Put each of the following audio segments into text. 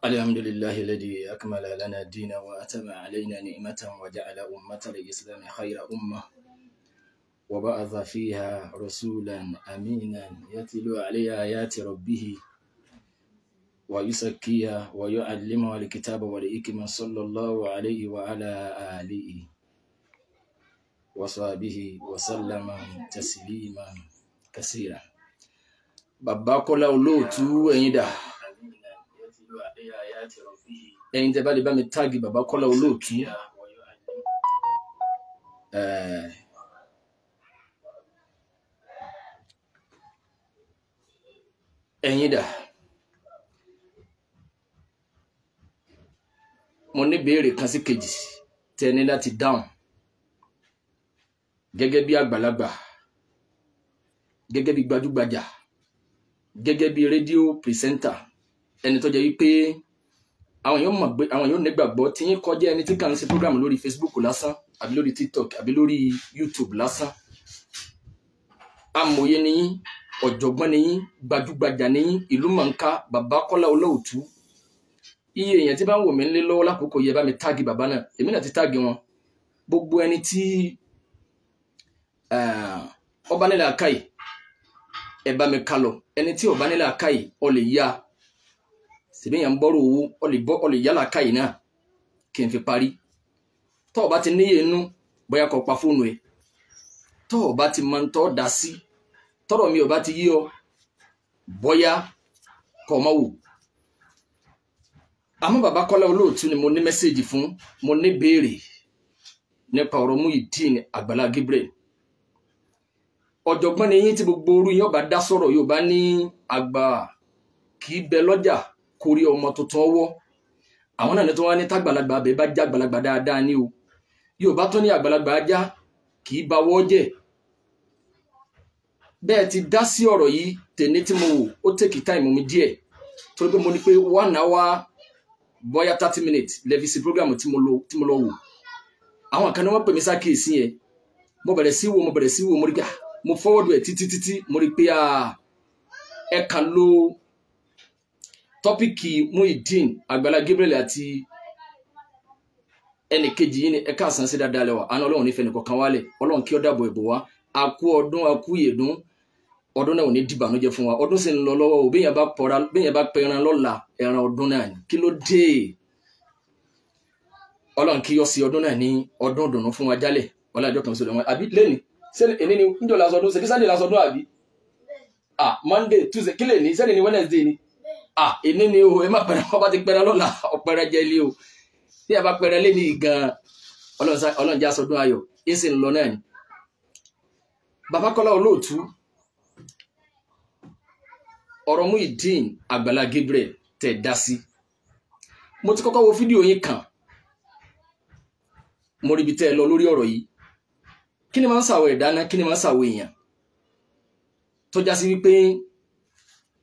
الحمد لله الذي أكمل لنا الدين وأتم علينا نعمة وجعل أمة الإسلام خير أمة وبعث فيها رسولا أمينا يتلو علي آيات ربه ويسكيها ويعلمها الكتاب والحكمة صلى الله عليه وعلى آله وصحبه وسلم تسليما كثيرا بابا كولا olóòtú تو dà ẹ̀yin tẹ́ bá lè bá mi táàgì bàbá Kọ́lá Olóòtú eh, ẹ̀yin dà mo ní béèrè kan sí kejì tẹ́ ní láti dáhùn gẹ́gẹ́ bí àgbàlagbà gẹ́gẹ́ bí gbajúgbajà gẹ́gẹ́ bí rédíò pìrìsẹ́ńtà ẹni tó jẹ́ wípé àwọn yóò mọ̀ pé àwọn yóò nígbàgbọ́ tí yín kọjá ẹni tí kàn ń ṣe program lórí Facebook lásán àbí lórí TikTok àbí lórí YouTube lásán amòye ni yín ọ̀jọ̀gbọ́n ni yín gbajúgbajà ni yín ìlú mọ̀nká bàbá Kọ́lá Olóòtú iye èèyàn tí bá ń wò mí lé lọ́wọ́ lákòókò yẹ bá mi táàgì bàbá náà èmi náà ti táàgì wọn gbogbo ẹni tí ọba nílẹ̀ ẹ bá mi kálọ ẹni tí ọba nílẹ̀ ọ lè yá ṣèbí èèyàn ń bọ́rọ̀ owó ọ lè yálà káyìí náà kí n fi parí tọ́ ọ bá ti níyè inú bóyá kó pa fóònù ẹ̀ tọ́ ọ bá ti máa ń tọ́ da sí tọ́rọ̀ mi ò bá ti yí ọ bóyá kó má wò àmọ́ bàbá Kọ́lá Olóòtú ni mo ní mẹ́sẹ̀gì fún mo ní béèrè nípa ọ̀rọ̀ Muyideen Àgbàlá Gabriel ọ̀jọ̀gbọ́n ni yín tí gbogbo orú yín ọba dá sọ̀rọ̀ yóò bá ní àgbà kì í bẹ lọ́jà kórí ọmọ tuntun ọwọ́ àwọn náà ní tí wọ́n ní tágbàlagbà abẹ bá já àgbàlagbà dáadáa ní o Yorùbá tó ní àgbàlagbà ajá kì í bawọ́ jẹ́ bẹ́ẹ̀ ti dá sí ọ̀rọ̀ yìí tèmi tí mo wò ó tèkì táìmù mi díẹ̀ torí pé mo ní pé one hour bóyá thirty minutes lẹ́fíìsì program tí mo lọ tí mo lọ wò àwọn kan ní wọ́n pè mí sákèésí yẹn mo bẹ̀rẹ̀ sí wo mo bẹ̀rẹ̀ sí wo mo rí pé ah, mo fọwọ́dù ẹ̀ títí títí mo rí pé ah, ẹ kàn lo tọ́píkì Muyideen Agbala Gabriel àti ẹnì kejì yìí ni ẹ káàsán sí dáadáa lẹ́wà àná ọlọ́run nífẹ̀ẹ́ nìkan kan wálẹ̀ ọlọ́run kí ó dàbọ̀ ẹ̀bọ̀ wá àkú ọdún àkú ìyèdún ọdún náà ò ní dìbànújẹ́ fún wa ọdún sì ń lọ lọ́wọ́ o béèyàn bá pọra béèyàn bá pẹran lọ́la ẹran ọdún náà ni kí ló dé ọlọ́run kí yọ sí ọdún náà ní ọdún dùnú fún wa jálẹ̀ ọlọ́jọ́ kan sọ̀rọ̀ ni ń jọ ah monday tuesday kí lè ní sẹ́ni ni wednesday ni Ah, èní ni o ẹ má pẹrẹ ọba ti pẹrẹ lọ́la ọpẹrẹ jẹ ilé o tí ẹ bá pẹrẹ lé ní gan ọlọ́run jẹ́ aṣọdún ayọ̀ ẹ sì ń lọ náà ni. bàbá kọ́lá olóòtú ọ̀rọ̀ Muyideen Àgbàlá Gabriel tẹ̀ dá sí mo ti kọ́kọ́ wo fídíò yín kan mo ríbi tẹ́ ẹ lọ lórí ọ̀rọ̀ yìí kí ni máa ń ṣàwọ̀ ẹ̀dá náà kí ni máa ń ṣàwọ̀ èèyàn tó já sí wípé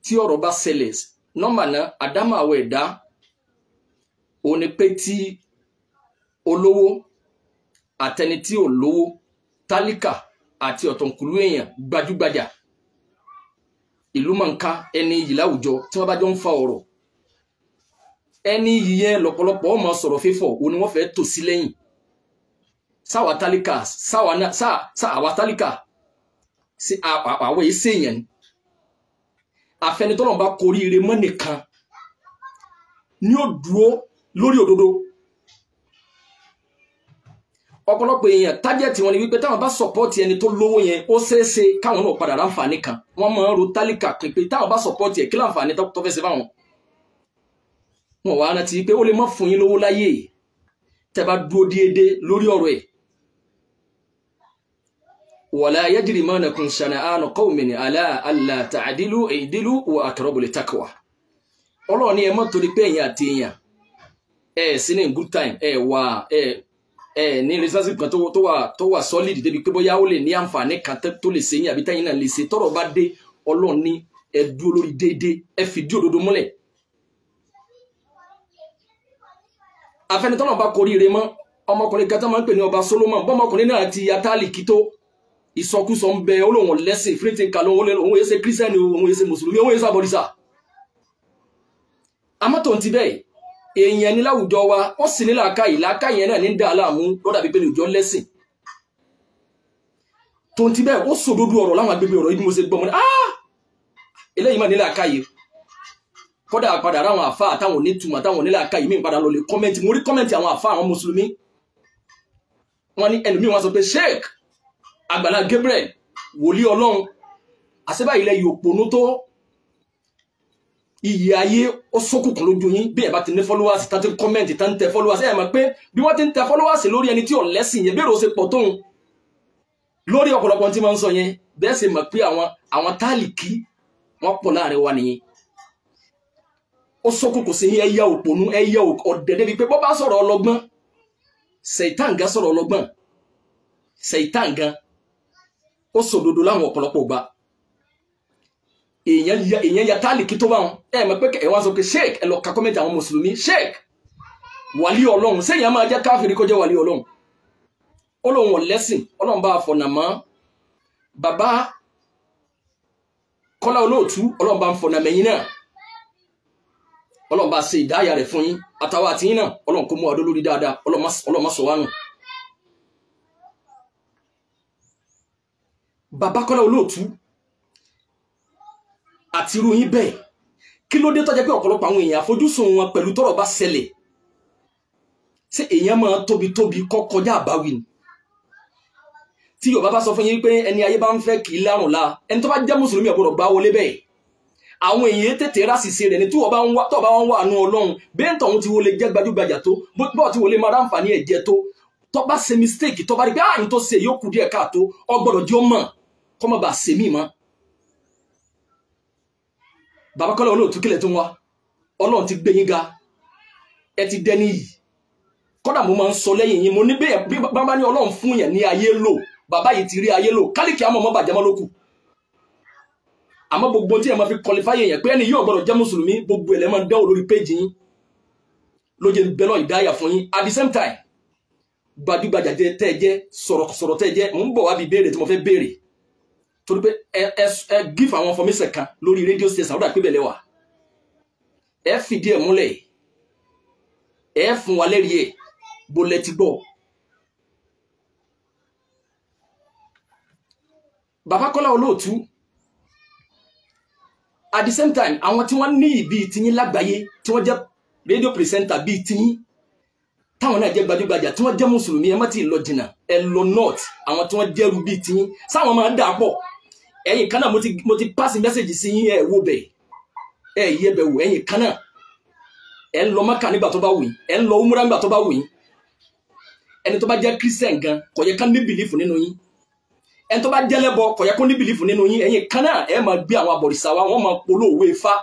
tí ọ̀rọ̀ bá ṣẹlẹ̀ nọ́mbà náà àdámọ̀ àwọn ẹ̀dá òun ni pé tí olówó àtẹni tí ò lówó tálíkà àti ọ̀tọ̀nkùlú èèyàn gbajúgbajà ìlú mọ̀nká ẹni yìí láwùjọ tí wọ́n bá jọ ń fa ọ̀rọ̀ ẹni yìí yẹn lọ́pọ̀lọpọ̀ ọmọ sọ̀rọ̀ fífọ̀ òun ni wọ́n fẹ́ tò sí lẹ́yìn sáwà tálíkà sáwà tálíkà àwọn èyí sèèyàn ni àfẹnitọ́lọ́run bá korí ire mọ́ nìkan ni ó dúró lórí òdodo ọ̀pọ̀lọpọ̀ èèyàn tájẹ̀tì wọn ni wípé táwọn bá sọ̀pọ́ọ̀tì ẹni tó lówó yẹn ó ṣeéṣe káwọn náà padà ráǹfààní kan wọ́n máa ń ro tálíkà pé táwọn bá sọ̀pọ́ọ̀tì ẹ̀ kí láǹfààní tó fẹ́ ṣe fáwọn. wọn wá rántí pé ó lè má fún yín lówó láyé tẹ́ bá dúró déédéé lórí ọ̀rọ̀ ẹ̀ wala yajrimanakum shana'anu qawmin ala alla ta'dilu i'dilu wa aqrabu litaqwa Ọlọ́run ni ẹ má torí pé ẹ̀yin àti èèyàn ẹ sí ní good time ẹ wà ẹ ẹ ní relationship kan tó wà tó wà solid débi pé bóyá ó lè ní àǹfààní kan tó lè ṣe yín àbí táyìn náà lè ṣe tọ́rọ̀ bá dé Ọlọ́run ni ẹ dúró lórí déédéé ẹ fìdí òdodo múlẹ̀ afẹnitọ́nà bá koríire mọ́ ọmọkùnrin kan máa ń pè ní ọba Solomon bọ́mọkùnrin náà ti yatali kító ìsọkúsọ ń bẹ ó lóun lẹ́sìn fíríntì ń kalọ́ òun èsè kírísítẹ́nì òun èsè mùsùlùmí òun èsè àbọ̀rìṣà amátò ń ti bẹ́ẹ̀ èèyàn ní láwùjọ wa wọ́n sì ní làákàyè làákàyè náà ní dà láàmú lọ́dà bíi pé ní òjò lẹ́sìn tó ń ti bẹ́ẹ̀ ó sòdodo ọ̀rọ̀ láwọn agbègbè ọ̀rọ̀ ibi mo ṣe gbọ́ ah eléyìí mà ní làákàyè kọ́dà padà ráwọn àfa àtàwọn onítùmọ̀ àtàwọn onílàákàyè míì padà lọ lè kọ́mẹ́ntì mo rí kọ́mẹ́ntì àwọn àfa àwọn mùsùlùmí wọ́n ní ẹlòmíì wọ́n sọ àgbàlá Gabriel wòlíì ọlọ́run àṣebá ilẹ̀ yìí òpònú tó iyì ayé ó ṣókùnkùn lójú yín bí ẹ bá ti ní followers tá ti kọ́mẹ́ǹtì tá ń tẹ followers ẹ̀ mọ̀ pé bí wọ́n ti ń tẹ followers lórí ẹni tí ò lẹ́sìn yẹn bẹ́ẹ̀ ló ṣe pọ̀ tóun lórí ọ̀pọ̀lọpọ̀ tí máa ń sọ yẹn bẹ́ẹ̀ ṣe mọ̀ pé àwọn àwọn táàlìkì wọ́n pọ̀ láàrin wa nìyẹn ó ṣókùnkùn sí yín ẹ̀yà òpònú ẹ̀yà ọ̀dẹ̀dẹ̀ bíi pé bọ́ bá sọ̀rọ̀ ọlọ́gbọ́n ṣèitán ó sòdodo láwọn ọ̀pọ̀lọpọ̀ gbà èèyàn ya táàlìkì tó bá wọn ẹ mọ̀ pé ẹ wá sọ pé sheik ẹ lọ ka kọ́mẹ́ntì àwọn mùsùlùmí sheik wàlí ọlọ́run sẹ́yìn á máa jẹ́ káfíìrì kó jẹ́ wàlí ọlọ́run ó lóun ò lẹ́sìn ọlọ́run bá a fọ̀nà mọ́ bàbá kọ́lá olóòtú ọlọ́run bá ń fọ̀nà náà ọlọ́run bá a ìdáyà rẹ̀ fún yín àtàwọn àtìyín náà ọlọ́run kó mú adó lórí dáadáa ọlọ́run má sọ wá nù. babakọ́lá olóòtú àti irú yín bẹ́ẹ̀ kí ló dé tó jẹ́ pé ọ̀pọ̀lọpọ̀ àwọn èèyàn àfojúsùn wọn pẹ̀lú tọ́rọ̀ bá ṣẹlẹ̀ ṣé èèyàn máa tóbi tóbi kọ́ kọjá àbáwí ni tí yorùbá bá sọ fún yín pé ẹni ayé bá ń fẹ́ kì í lárùn la ẹni tó bá jẹ́ mùsùlùmí ọ̀gbọ́dọ̀ gbá wọlé bẹ́ẹ̀ àwọn èèyàn tètè ráṣìṣe rẹ̀ ní tí wọ́n bá ń wá tọ́ bá ń wà nù ọlọ́run bẹ́ẹ̀ tọ̀hún ti wọlé jẹ́ gbajúgbajà tó bọ́ọ̀ tí wọlé máa ráǹfààní ẹ̀jẹ̀ tó tó bá ṣe mistake tó bá rí pé àyìn ah, tó ṣe yóò kù díẹ̀ káàtó ọgbọ́dọ̀ jẹ́ ọmọ kọ́mọ bá ṣe mí mọ́ bàbá kọ́lá olóòtú kílẹ̀ tó ń wá ọlọ́run ti gbé yín ga ẹ ti dẹ́ni yìí kọ́dà mo máa ń sọ lẹ́yìn yín mo ní bẹ́ẹ̀ bí bàbá ní ọlọ́run fún yẹn ní ayé lò bàbá yìí ti rí ayé lò kálíkì àmọ́ ọmọ bàjẹ́ mọ́ àmọ́ gbogbo tí ẹ máa fi kọlifáyé yẹn pé ẹni yóò gbọ́dọ̀ jẹ́ mùsùlùmí gbogbo ẹ̀ lẹ́ máa ń dẹ́wò lórí péjì yín ló bẹ́lọ̀ ìdáyà fún yín at the same time gbajúgbajà tẹ́ ẹ jẹ́ sọ̀rọ̀sọ̀rọ̀ tẹ́ ẹ jẹ́ mò ń bọ̀ wá bí béèrè tí mo fẹ́ béèrè torí pé ẹ ẹ ẹ gíf àwọn information kan lórí rédíò station àwùjọ àpébẹ̀lẹ̀ wa ẹ fìdí ẹ̀ múlẹ̀ ẹ fún wa lẹ́rìí ẹ̀ bó lẹ ti gbọ́. bàbá kọ́lá olóòtú at the same time àwọn tí wọ́n ní ìbí tiyín lágbàáyé tí wọ́n jẹ́ rédíò pírẹsẹ́ńtà bíi tiyín táwọn náà jẹ́ gbajúgbajà tí wọ́n jẹ́ mùsùlùmí ẹ má ti lọ jìnnà ẹ lọ north àwọn tí wọ́n jẹ́rú bíi tiyín sáwọn máa ń dà pọ̀ ẹ̀yin kan náà mo ti mo ti pass message sí yín ẹ̀ wò bẹ̀ ẹ̀ yẹ bẹ̀ wò ẹ̀yin kan náà ẹ̀ ń lọ mọ́kà nígbà tó bá wù yín ẹ̀ ń lọ umra nígbà tó bá wù yín ẹni tó bá jẹ́ christian gan kò yẹ ká ní bìlífù nínú yín ẹni tó bá jẹ́ lẹ́bọ kò yẹ kó ní bìlífù nínú yín ẹ̀yin kan náà máa gbé àwọn abọ̀rìṣà wa wọ́n máa polówó ifá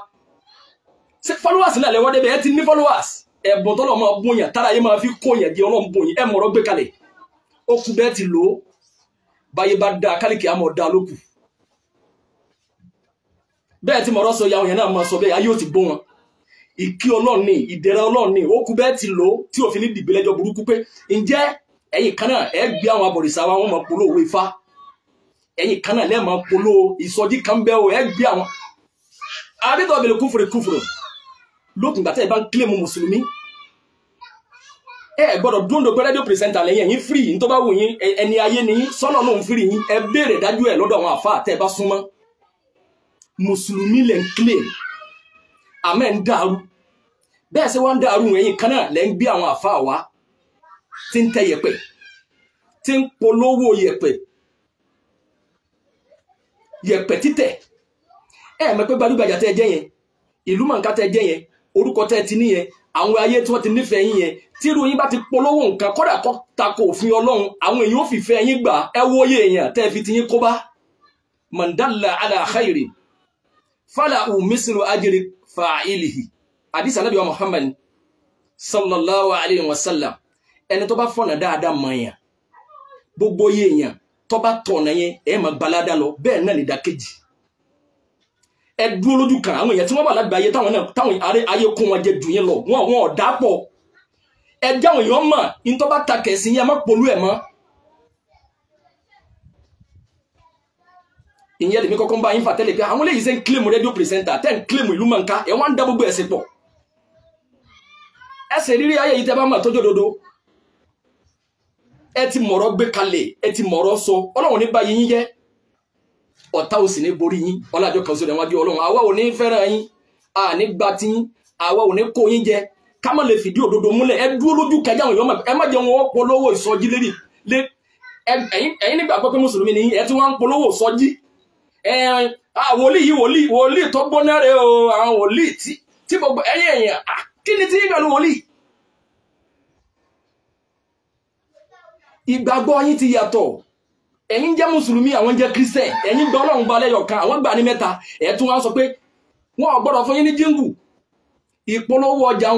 ṣé followers náà lẹ́wọ́ débẹ̀ ẹ ti ní followers ẹ̀bùn tọ́lọ̀ máa bóyàn tára yé máa fi kóyàn di ọlọ́run bóyìn ẹ̀ mọ̀rọ̀ gbé kalẹ̀ ó kú bẹ́ẹ̀ ti lò ó báyé bá dáa kálíkì àmọ̀ dáa lókù bẹ́ẹ̀ tí mo rọ́ sọ yàwó yẹn náà máa sọ bẹ́ẹ̀ ayé ò ti gbọ́ wọn ìkí ọlọ́run ni ìdẹ̀ra ọlọ́run ni ó kú bẹ́ẹ̀ ti lò ó tí òfin ní dìbò lẹ́jọ́ burúkú pé ǹjẹ́ ẹ̀yin kan náà ẹ gbé àwọn abọ̀rìṣà wa wọ́n máa polówó ifá ẹ̀yin kan náà lẹ́ẹ̀ máa polówó ìsọjí kan bẹ́ẹ̀ o ẹ gbé àwọn. àbítọ̀ bẹ̀rẹ̀ kúfùrù kúfùrù lókun gbàtẹ́ ẹ bá ń kílè mu mùsùlùmí ẹ gbọ́dọ̀ dúndò pé rédíò pìrìsẹ́ńtà lẹ́yìn ẹ̀yin fírì yìí tó bá wù yín ẹni ayé ni yín sọ́nà náà ń fírì yín ẹ béèrè dájú ẹ̀ lọ́dọ̀ àwọn àfa àtẹ́ ẹ bá súnmọ́ mùsùlùmí lẹ̀ ń kílè àmẹ́ ń dàrú bẹ́ẹ̀ ṣe wọ́n ń dàrú ẹ̀yìn kan náà lẹ́ ń gbé àwọn àfa wa tí ń tẹ yẹ̀pẹ̀ tí ń polówó yẹ̀pẹ̀ yẹ̀pẹ̀ títẹ̀ ẹ̀ mọ̀ pé gbajúgbajà tẹ́ ẹ jẹ́ yẹn ìlú mọ̀nká tẹ́ ẹ jẹ́ yẹn orúkọ tẹ́ ti níyẹn àwọn ayé tí wọ́n ti nífẹ̀ẹ́ yín yẹn tí irú yín bá ti polówó nǹkan kọ́dà kọ́ tako òfin ọlọ́run àwọn èèyàn ò fìfẹ́ yín gbà ẹ wóye èèyàn tẹ́ fi ti yín kó bá mandala ala falahu mislu ajri fa'ilihi àdìsí anábì wa muhammad sallallahu alaihi wa sallam ẹni tó bá fọ̀nà dáadáa mọ̀ yẹn gbogbo yé yẹn tó bá tọ̀nà yẹn ẹ̀ máa gbalada lọ bẹ́ẹ̀ náà lè dá kejì ẹ dúró lójú kan àwọn èèyàn tí wọ́n wà lágbàáyé táwọn náà táwọn ayé kún wọn jẹ dùn yẹn lọ wọn ò dápọ̀ ẹ jáwọn èèyàn mọ̀ ní tó bá ta kẹ̀sìn yẹn má polú ẹ̀ mọ́ ìyẹn lèmi kọ́kọ́ ń bá yín fà tẹ́lẹ̀ pé àwọn eléyìí ṣe ń kílèmù rédíò pírẹsẹ́ńtà tẹ́ ń kílèmù ìlú mọ̀nká ẹ̀ wá ń dá gbogbo ẹ̀sìn pọ̀ ẹsẹ̀ rírí ayé yìí tẹ́ bá mọ̀ tọ́jú òdodo ẹ ti mọ̀rọ̀ gbé kalẹ̀ ẹ ti mọ̀rọ̀ sọ ọlọ́run ní báyìí yín jẹ́ ọ̀tá ò sì ní borí yín ọlájọ kan sódì àwọn adé ọlọ́run àwa ò ní fẹ́ràn yín à ní gba tí yín àwa ò ní kó mùsùlùmí ni ẹ ti wá ń polówó ìsọjí wòlíì yìí wòlíì wòlíì tó gbóná rè o àwọn wòlíì tí tí gbogbo ẹ̀yin èèyàn kí ni tí yín pẹ̀lú wòlíì. ìgbàgbọ́ yín ti yàtọ̀ ẹ̀yin jẹ́ mùsùlùmí àwọn jẹ́ kírísẹ̀ ẹ̀yin gbọ́ ọlọ́run balẹ̀ lẹ́yọ̀ àwọn gbà ní mẹ́ta ẹ̀ tún wá sọ pé wọn ò gbọ́dọ̀ fún yín ní jíngù ọjà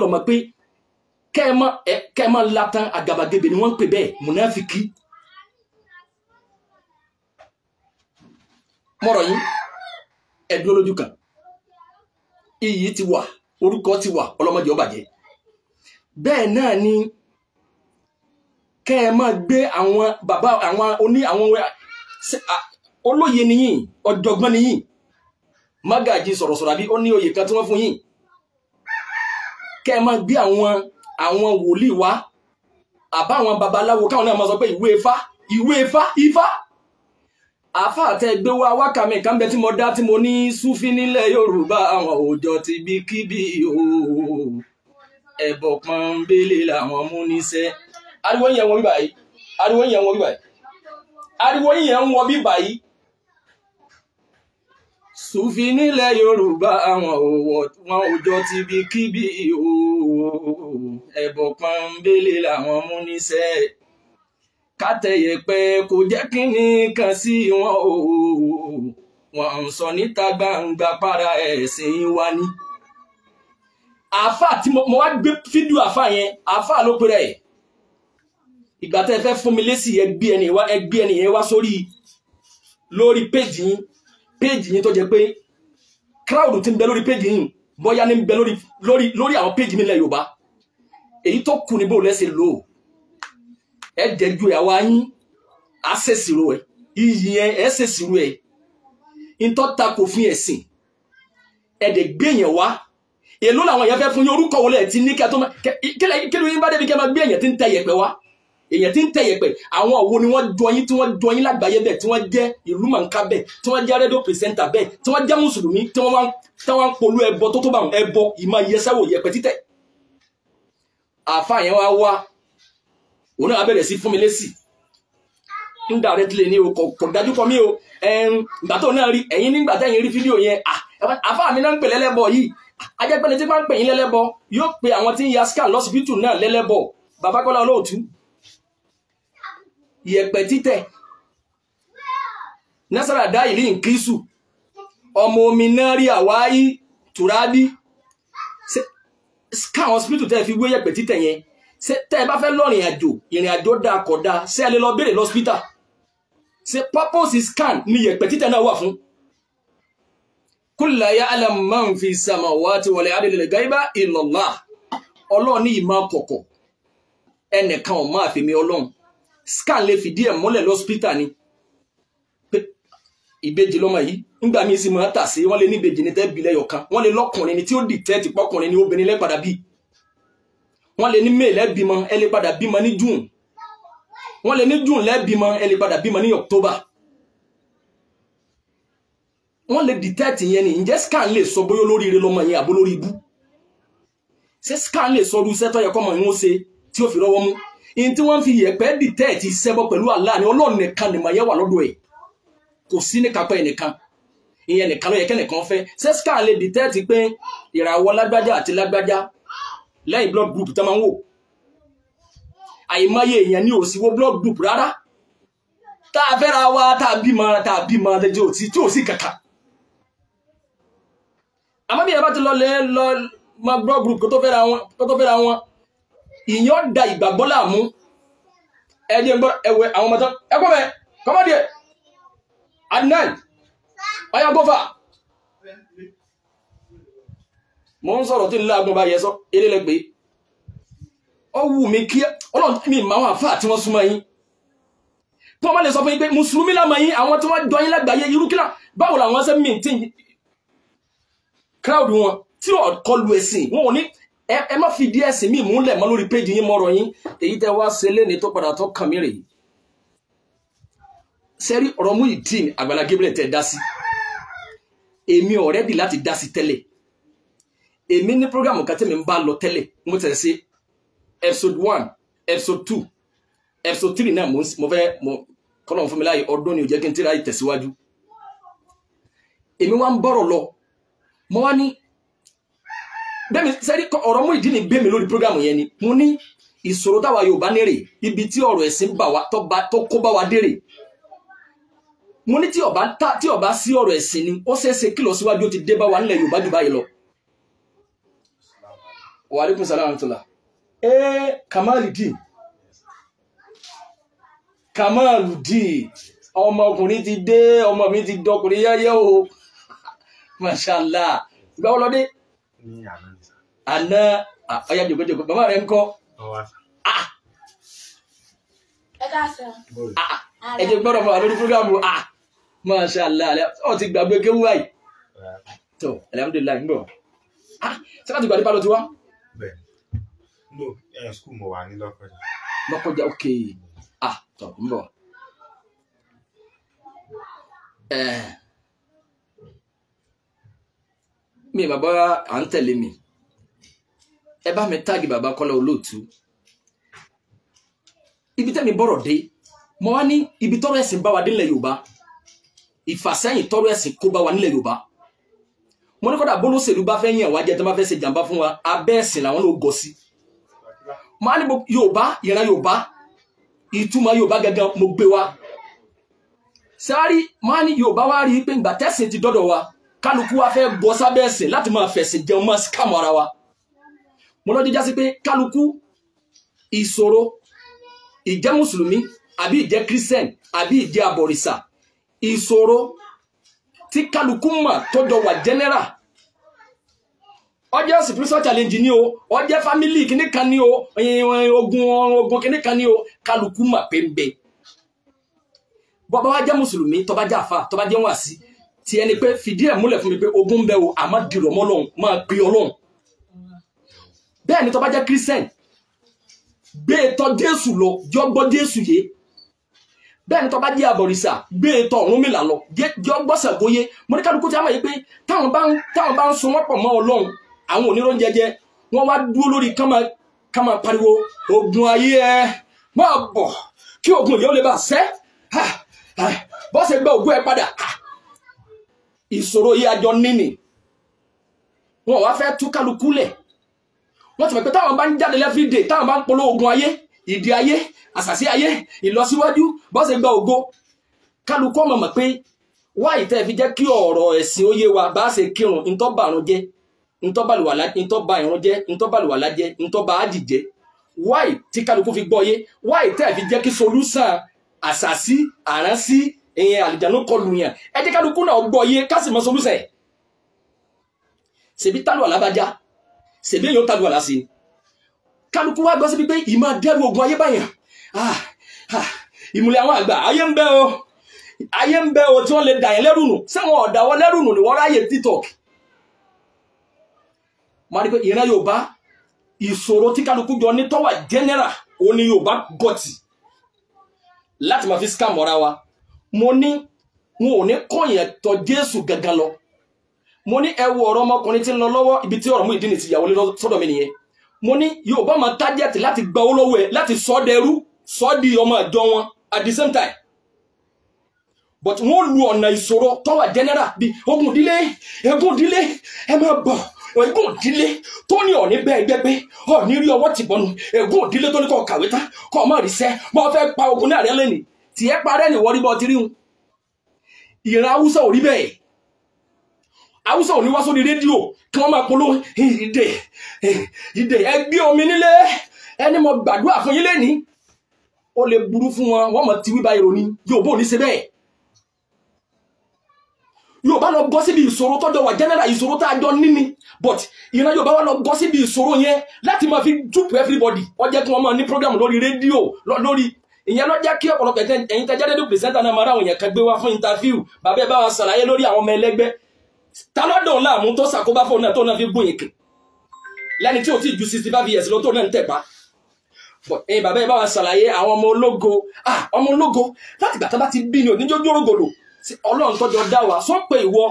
wọn kẹ́ẹ̀mọ́ ẹ kẹ́ẹ̀mọ́ latan àgàbàgebè ni wọ́n ń pè bẹ́ẹ̀ mùnáfíkì. mọ̀rọ̀ yín ẹ̀dùn olójú kan iyì ti wà orúkọ ti wà ọlọ́mọdé ó bẹ́ẹ̀ náà ni kẹ́ ẹ máa gbé àwọn bàbá àwọn oní àwọn olóye nìyìn ọ̀jọ̀gbọ́n nìyìn mágàjì sọ̀rọ̀sọ̀rọ̀ àbí ó ní oyè kan tí wọ́n fún yín kẹ́ gbé àwọn àwọn wòlíì wa àbá àwọn babaláwo káwọn náà máa sọ pé ìwé ifá ìwé ifá ifá àfa àtẹ gbé wa wákàmì kan bẹ tí mo dá tí mo ní súfí nílẹ̀ yorùbá àwọn òòjọ́ ti bí kíbi ooo ẹbọ pọ́nbélé làwọn mú níṣẹ́ ariwo yẹn wọ bíbáyìí ariwo yẹn wọ bíbáyìí ariwo yẹn wọ bíbáyìí Súfì nílẹ̀ Yorùbá àwọn òwò wọn ò jọ ti bí kíbi ìhò ẹ̀bùn pọ́nbélé làwọn mú níṣẹ́ kátẹ̀yẹ pé kò jẹ́ kí ní kan sí wọn o wọn ń sọ níta gbangba para ẹ̀sìn wa ni. àáfà tí mo wá gbé fídíò àáfà yẹn àáfà ló pe rẹ̀ ìgbà tẹ́ ẹ fún mi lésì ẹgbẹ́ ẹnìyẹn wá sórí lórí péjì yín péjì yín tó jẹ́ pé crowd ti ń bẹ lórí péjì yín bóyá ní ń bẹ lórí lórí lórí àwọn péjì mi lẹ Yorùbá èyí tó kù ní bó lẹ́sẹ̀ lò ẹ jẹ́jú ìyàwó ayín á ṣèṣirò ẹ iyì yẹn ẹ ṣèṣirò ẹ ìtọ́ ta kò fi ẹ̀sìn ẹ̀dẹ̀ gbẹ̀yẹ̀ wá èló làwọn èèyàn fẹ́ fún yín orúkọ wọlé ẹ̀ ti ní kí ẹ tó máa kí lóyún bá débi kí ẹ máa gbé èèyàn tí ń tẹ yẹ̀pẹ̀ wá èèyàn tí ń tẹ̀ yẹpẹ̀ àwọn òwo ni wọ́n jọyín tí wọ́n jọyín lágbàáyé bẹ́ẹ̀ tí wọ́n jẹ́ ìlú mọ̀nká bẹ́ẹ̀ tí wọ́n jẹ́ rédíò pìrìsẹ́ńtà bẹ́ẹ̀ tí wọ́n jẹ́ mùsùlùmí tí wọ́n wá ń polú ẹbọ tó tó bá wọn ẹbọ ìmọ̀ ìyẹsẹ́wò yẹpẹ̀ títẹ̀. àáfàá yẹn wá wá òun náà bẹ̀rẹ̀ sí fún mi lésì ń dà rẹ́tìlé ní o kò dájú kọ mí o ìgbà tó náà rí ẹ̀yin nígbà tẹ́yìn rí fídíò yẹn àáfàá mi náà ń pè lẹ́lẹ́bọ yìí ajẹ́pẹ́ni tí máa ń pè yín lẹ́lẹ́bọ yóò pe àwọn tí ń ya scan lọ́sibítù náà lẹ́lẹ́bọ babakola olóòtú ìyẹ̀pẹ̀ títẹ̀ nasara dáìlì nkisu ọmọ omi náà rí àwáyí tùràbí scan hospital tẹ́ fi wé yẹ̀pẹ̀ títẹ̀ yẹn tẹ́ ẹ bá fẹ́ lọ́rìn àjò ìrìn àjò dáa kọ̀ dáa ṣé ẹ lè lọ béèrè lọ́spítà ṣe purpose scan ni yẹ̀pẹ̀ títẹ̀ náà wà fún kúlẹ̀ ayé alamọ́n fi sàmà wá ti wọlé adìlẹ̀ gáíbá ìlọ́lá ọlọ́run ní ìmọ̀ kọ̀kọ̀ ẹnìkan ò máa fi mi ọlọ́run scan le fìdí ẹ̀ múlẹ̀ lọ́sípítà ni pé ìbejì lọ́mọ yìí nígbà míì sì máa tà sí wọ́n lè ní ìbejì ní tẹ́ẹ̀bì lẹ́yọ̀ kan wọ́n lè lọ́kùnrin ni tí ó dìtẹ́ẹ̀tì pọ́kùnrin ni obìnrin lẹ́padà bí wọ́n lè ní may lẹ́bìmọ ẹ lè padà bímọ ní june wọ́n lè ní june lẹ́bìmọ ẹ lè padà bímọ ní october wọ́n lè dìtẹ́ẹ̀tì yẹn ni ǹjẹ́ scan lè sọ bóyá olóríire lọ́mọ yẹn àbólórí ibú ṣé scan lè sọ irú iṣẹ́ tó yẹ kọ́mọ yẹn ó ṣe tí ó fi rọ́wọ́ mú in tí wọ́n fi yẹ̀pẹ́ dì tẹ́ ẹ̀ ti ṣẹbọ pẹ̀lú Allah ni ọlọ́run nìkan nìmọ̀ yẹn wà lọ́dọ̀ ẹ̀ kò sí ní kápẹ́ ẹnìkan ìyẹn nìkan ló yẹ kẹ́nìkan fẹ́ sẹ́síkà lè dì tẹ́ ẹ̀ ti pé ìràwọ̀ lágbájá àti lágbájá lẹ́yìn blood group tó máa ń wò àìmọye èèyàn ní òsìwò blood group rárá tá a fẹ́ra wa tá a bímọ tá a bímọ lẹ́jọ́ òsì tí òsì kàkà àmọ́ bí ẹ bá ti lọ lẹ́ lọ blood group kó tó fẹ́ra wọn ìyàn da ìgbàgbọ́ láàmú ẹni ẹgbọ́ ẹwẹ àwọn ọmọ tán ẹgbọ́ mẹ kọ́mọ́dé Adnan ọyá gọ́fà mo ń sọ̀rọ̀ tí láàgbọ́n bá yẹ sọ elélẹ́gbẹ́ ọ wù mí kí ọlọ́run mi máa wà fáà tí wọ́n súnmọ́ yín tó wọ́n lè sọ fún yín pé mùsùlùmí lámọ̀ yín àwọn tí wọ́n jọ yín lágbàáyé irú kílà báwo làwọn ṣe mìíntì crowd wọn tí ọ̀ kọlu ẹ̀sìn wọn ò ní ẹ má fìdí ẹ̀sìn mi múlẹ̀ mọ́ lórí péjì yín mọ́rọ̀ yín èyí tẹ́ wá ṣe léni tó padà tó kàn mí rèé sẹ́rí ọ̀rọ̀ Muyideen Àgbàlá Gabriel tẹ́ dá sí èmi ọ̀rẹ́dì láti dá sí tẹ́lẹ̀ èmi ní programu kan tẹ́mi ń bá lọ tẹ́lẹ̀ mo tẹ̀ sí episode one episode two episode three náà mo fẹ́ mo kọ́lọ̀ fún mi láàyè ọdún ni ò jẹ́ kí n tẹ́ra tẹ̀síwájú èmi wá ń bọ̀rọ̀ lọ mo wá ní bẹ́ẹ̀ni sẹ́rí ọ̀rọ̀ mú ìdí ni gbé mi lórí programu yẹn ni mo ní ìṣòro táwa Yorùbá nírè ibi tí ọ̀rọ̀ ẹ̀sìn bà wá tó kó bá wa dérè mo ní tí ọba tí ọba sí ọ̀rọ̀ ẹ̀sìn ni ó ṣeéṣe kí síwájú ó ti dé bá wa nílẹ̀ Yorùbá jù báyìí lọ. wa alaikum salaam àtúntò ee Kamaludeen Kamaludeen ọmọkùnrin ti dé ọmọ mi ti dọkùnrin yẹ́yẹ́ o mashallah ìgbà wo ah, àná ọyá jòkójòkó bàbá rẹ ń ah, ẹ jẹ́ gbọ́dọ̀ fún wa lórí fúlgámù masha allah ọ ti gbàgbé kéwú báyìí tó alhamdulilayi ń bọ̀ sẹ́kà ti gbàdúrà lọ ti wá. lọ́kọjá ok ah tó ń bọ̀ mi ma bọ́ra à ń tẹ̀lé mi ẹ bá mi táàgì bàbá Kọ́lá Olóòtú ibi tẹ́mi bọ̀rọ̀ dé mo wá ní ibi tọ́rọ̀ ẹ̀sìn bá wa dé nílẹ̀ Yorùbá ìfàsẹ́yìn tọ́rọ̀ ẹ̀sìn kó bá wa nílẹ̀ Yorùbá mo ní kọ́dà bólóṣèlú bá fẹ́ yàn wá jẹ́ tó bá fẹ́ ṣe jàǹbá fún wa abẹ́ ẹ̀sìn làwọn ló gọ sí mo á ní Yorùbá ìran Yorùbá ìtumọ̀ Yorùbá gangan mo gbé wa sáré mo á ní Yorùbá wa rí i pé ìgbà tẹ́sìn ti dọ́dọ̀ wa kálukú wa fẹ́ gbọ́ sábẹ́ ẹ̀sìn láti máa fẹ̀sìn jẹun máa kàmọ́ ara wa mo lọ́jọ́ jásí pé kálukú ìṣòro ìjẹ́ mùsùlùmí àbí ìjẹ́ christian àbí ìjẹ́ abọ̀rìṣà ìṣòro tí kálukú mà tọjọ wà general ọjọ́ spiritual challenge ni o ọjọ́ family kìíní kan ni o eh, ogun ogun kìíní kan ni o kálukú mà pèmbè bọ́bá wa jẹ́ mùsùlùmí tọ́ba jẹ́ àfa tọ́ba jẹ́ wàásí tiẹ̀ ni pé fìdí ẹ̀ múlẹ̀ fún mi pé ogun ń bẹ o àmọ́ dìrọ̀ mọ́ lọ́hùn máa pe ọlọ́hùn bẹ́ẹ̀ ni tó bá jẹ́ christian gbé etọ́ jésù lọ jọ́gbọ́ jésù yé bẹ́ẹ̀ ni tó bá jẹ́ àbọ̀rìṣà gbé etọ́ ọ̀rúnmìlà lọ jọ́gbọ́ ṣàgóyé mọ́níkàlùkù tí a mọ̀ yìí pé táwọn bá ń so wọ́n pọ̀ mọ́ ọlọ́run àwọn oníròúnjẹ jẹ wọ́n wá dúró lórí kánmà pariwo ogun ayé ẹ máa bọ̀ kí ogun yìí ó lè bá ṣẹ́ bọ́sẹ̀ gbẹ́ ògùn ẹ padà ìṣòro yìí àjọ níní wọn wá fẹ́ tú kálukú lẹ̀ wọ́n ti mọ̀ pé táwọn bá ń jáde every day táwọn bá ń polówó ogun ayé ìdí ayé àṣàṣì ayé ìlọsíwájú bọ́sẹ̀ gba ògo kálukú ọmọ mọ̀ pé wáyé tẹ́ fi jẹ́ kí ọ̀rọ̀ ẹ̀sìn ó yé wa bá a ṣe kírun ntọ́ba àrùn jẹ́ ntọ́ba ìrún jẹ́ ntọ́ba ìwàlá jẹ́ ntọ́ba àdì jẹ́ wáyé tí kálukú fi gbọ́ yé wáyé tẹ́ fi jẹ́ kí solúsàn àṣàṣì àránsí ìyẹn àlìjánu kọlù yẹn ẹ jẹ́ kálukú náà gbọ́ yé kásìmọ́ solúsàn ẹ̀ ṣèbí tálù àlábájá ṣèbí èèyàn tàbí wàlá sí i kálukú wá gbọ́ sí pé ìmọ̀ dẹ́rù ogun ayé báyàn ah, ah, ìmùlẹ̀ àwọn àgbà ayé ń bẹ o ayé ń bẹ o tí wọ́n lè dà yẹn lẹ́rù nù sẹ́wọ̀n ọ̀dà wọn lẹ́rù nù ni wọ́n ráyè tiktok máa ní pé ìran yorùbá ìṣòro tí kálukú jọ ní tọ́wà general òun ni yorùbá gọ̀tì láti máa fi scam ọ̀ra wa mo ní wọn ò ní kọ́ yẹn tọ́ jésù gangan lọ mo ní ẹ wo ọ̀rọ̀ ọmọkùnrin tí ń lọ lọ́wọ́ ibi tí ọ̀rọ̀ mú ìdí nìtì ìyàwó lé sọ́dọ̀ mi nìyẹn mo ní yorùbá máa tájẹ́tì láti gba owó lọ́wọ́ ẹ̀ láti sọ dẹrú sọ di ọmọ àjọ wọn at the same time but wọ́n lu ọ̀nà ìṣòro tọ́wà general bíi ogun ìdílé egun ìdílé ẹ máa bọ̀ ègún òdílé tó ní ọ̀ní bẹ́ẹ̀ gbẹ́gbẹ́ ọ̀ní rí ọwọ́ tìbọnù ègún òdílé tó ní kọ́ kàwé tán kọ́ ọmọ ìrìsẹ́ bọ́ fẹ́ pa ogun náà rẹ lẹ́nìí tì ẹ́ parẹ́ nìwọ́rí bọ́ ti rí hun ìran haúsá ò rí bẹ́ẹ̀ haúsá ò ní wá sórí rédíò kí wọ́n máa polówó ìdè ìdè ẹgbẹ́ omi nílé ẹni mo gbàdúrà fún yín lẹ́ni ó lè burú fún wọn wọ́n mọ̀ ti wí báyìí ròní Yorùbá ò ní ṣe bẹ́ẹ̀ Yorùbá lọ bọ́ síbi ìṣòro tọ́jọ́ wà general ìṣòro tá a jọ níní but ìran Yorùbá wà lọ bọ́ síbi ìṣòro yẹn láti máa fi dúpù everybody wọ́n jẹ́ kí wọ́n máa ní program lórí rédíò lórí ìyẹn ló jẹ́ kí ọ̀pọ̀lọpọ̀ ẹ̀yin tẹ́jáde dúpù pẹ̀sẹ́ntà náà máa ráwọn èèyàn kan gbé wá fún interview bàbá ẹ bá wa ṣàlàyé lórí àwọn ọmọ ẹlẹ́gbẹ́ tálọ́dọ̀ láàmú tó ṣàkóbá fóun náà tó náà fi gún ìkè lẹ́ni tí ò tí ju sixty five years lọ tó náà ń tẹ̀pa ẹ̀yin eh, bàbá yẹn bá wa ṣàlàyé àwọn ọmọ ológo ah ọmọ ológo láti gbàtà bá ti bí ni oníjójó rògbòdò ọlọ́run tọ́jọ́ dá wa sọ pé ìwọ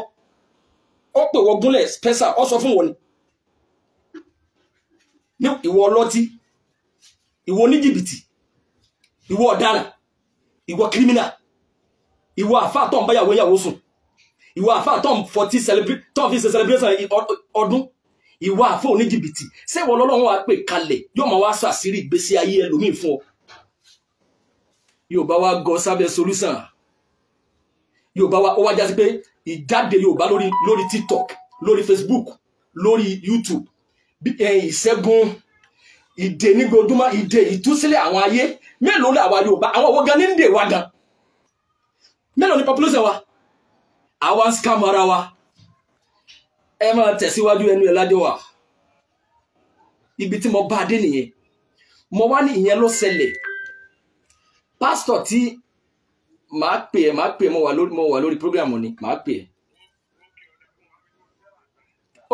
ó pè wọ gúnlẹ̀ special ọ sọ fún wọn ni ìwọ ọlọ́tí ìwọ oníjìbìtì ìwọ ọ̀daràn ìwọ kírímínà ìwọ àfáà tó ń báyàwó ìyàwó sùn ìwọ àfa tom forty celebrate tom fi ṣe celebration ọdún ìwọ àfa òní jìbìtì ṣé ìwọ lọ́lọ́run wàá pè kalẹ̀ yóò máa wá sọ àṣírí ìgbésí ayé ẹlòmíì fún ọ yorùbá wa gọ sábẹ́ solution yorùbá wa ó wá jásí pé ìjáde yorùbá lórí lórí tiktok lórí facebook lórí youtube ìṣẹ́gun ìdè nígbòdúmọ́ ìdè ìtúsílẹ̀ àwọn ayé mélòó làwa yorùbá àwọn owó gan ní ń dè wa gan mélòó ni population wa àwa scam ara wa ẹ máa tẹ̀síwájú ẹnu ẹ lájọ wa ibi tí mo bá dé nìyẹn mo wá ní ìyẹn ló ṣẹlẹ̀ pásítọ̀ tí màá pè ẹ́ màá pè ẹ́ mo wà lórí mo wà lórí program ni màá pè ẹ́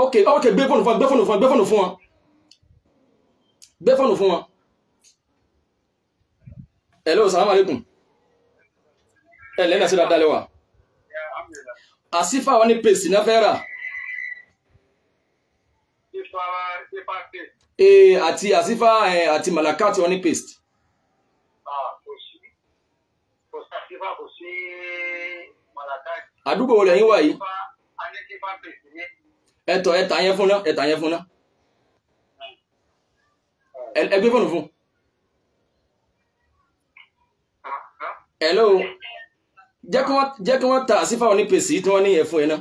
ok ok gbé fóònù fún wa gbé fóònù fún wa gbé fóònù fún wa gbé fóònù fún wa hello salaam aleykum ẹ lẹ́yìn àti dáadáa Asifa wọn ní na náà E rà. ee àti àsífà ẹ àti màlàkà tí wọn ní paste. àdúgbò wo lẹ́yìn wà yìí. ẹtọ ẹta yẹn fún ná ẹta yẹn fún hello jẹ́ kí wọ́n ta àsífà onípèsè tí wọ́n ní yẹn fún ẹ náà.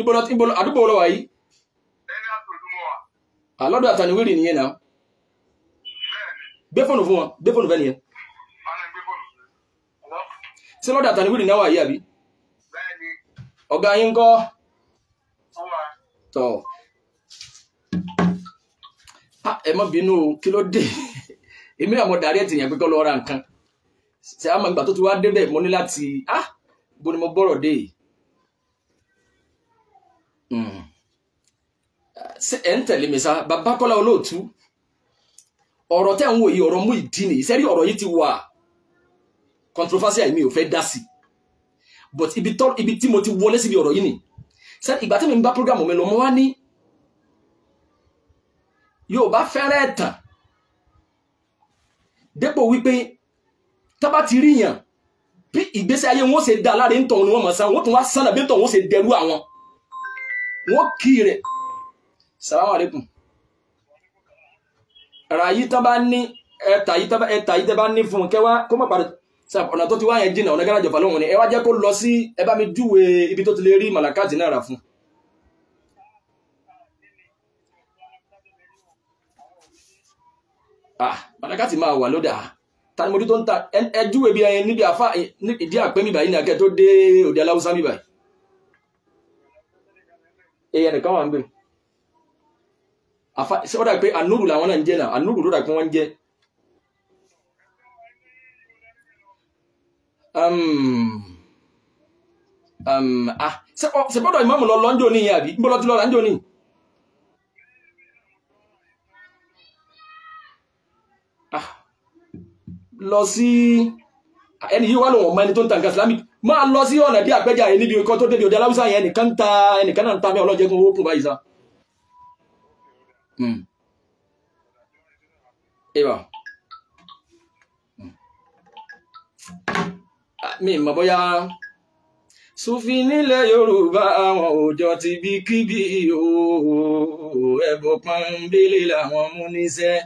ibo lọ ibo lọ àdúgbò lọ wà yìí. àlọ́dọ̀ àtàníwìrì nìyẹn náà. gbé fóònù fún wọn gbé fóònù bẹ́ẹ̀ nìyẹn. sí lọ́dọ̀ àtàníwìrì náà wà yìí àbí. ọ̀gá yín ń kọ́. tọ́ ah, ẹ má bínú kí ló dé èmi àwọn dàrí ẹ̀ tìyàn pé kọ́ lọ́ọ́ ra nǹkan ṣe àmọ́ ìgbà tó ti wá débẹ̀ mo ní láti ah bo ni mo bọ̀rọ̀ dé yìí ṣe ẹ̀ ń tẹ̀lé mi sá bàbá Kọ́lá Olóòtú ọ̀rọ̀ tẹ́ ń wò yìí ọ̀rọ̀ Muyideen nìyí sẹ́rí ọ̀rọ̀ yìí ti wà controversial mi ò fẹ́ dá sí but ibi tọ́ ibi tí mo ti wọlé síbi ọ̀rọ̀ yìí ni ṣe ìgbà tí mi ń bá program mi lọ mo wá ní Yorùbá fẹ́rẹ́ tàn dépò wípé tán bá ti rí yàn bí ìgbésí ayé wọn ṣe dá aláre ń tọ̀hún ni wọ́n mọ̀ sá wọ́n tún wá sánà bí tọ̀hún ṣe dẹrú àwọn wọ́n kí rẹ̀ salamu alaikum ra yìí tán bá ní ẹta yìí tán bá ẹta yìí tán bá ní fún un kẹwàá kó má padà sáà ọ̀nà tó ti wá yẹn jìnnà ọ̀nà gánà jọ̀fà lóhùn ni ẹ wá jẹ́ kó lọ sí ẹ bá mi júwe ibi tó ti lè rí màlàkáàtì náà rà fún un. ah màlàkáàtì máa wà lódà ah tani mojú tó ń ta ẹjú bi ẹyin níbi àfa ìdí àpé mi báyìí ní akẹ́ tó dé òde aláwùsá mi báyìí èèyàn nìkan wà ń bẹ̀ àfa ṣé ó dà pé ànúrù làwọn náà ń jẹ náà ànúrù ló dà pé wọ́n ń jẹ. Ah, ṣe gbọ́dọ̀ ìmáàmù lọ lọ́njọ́ ní yẹn àbí ń bọ́ lọ́tí lọ́la ní yìí. lọ sí ẹni yìí wà lóun ọmọ ẹni tó ń ta nǹkan islamic máa lọ sí ọ̀nà bí àpẹjà yẹn níbi nǹkan tó débi òde aláwùsá yẹn ẹnìkan ń ta ẹnìkan náà ń ta mí ọlọ́jẹ́gun owó kùn báyìí sá. Hmm. Hmm. mi mọ̀ bóyá Sufi nílẹ̀ Yorùbá àwọn òjò ti bí kíbi ooo ẹ̀bùn pọ́nbélé làwọn mú níṣẹ́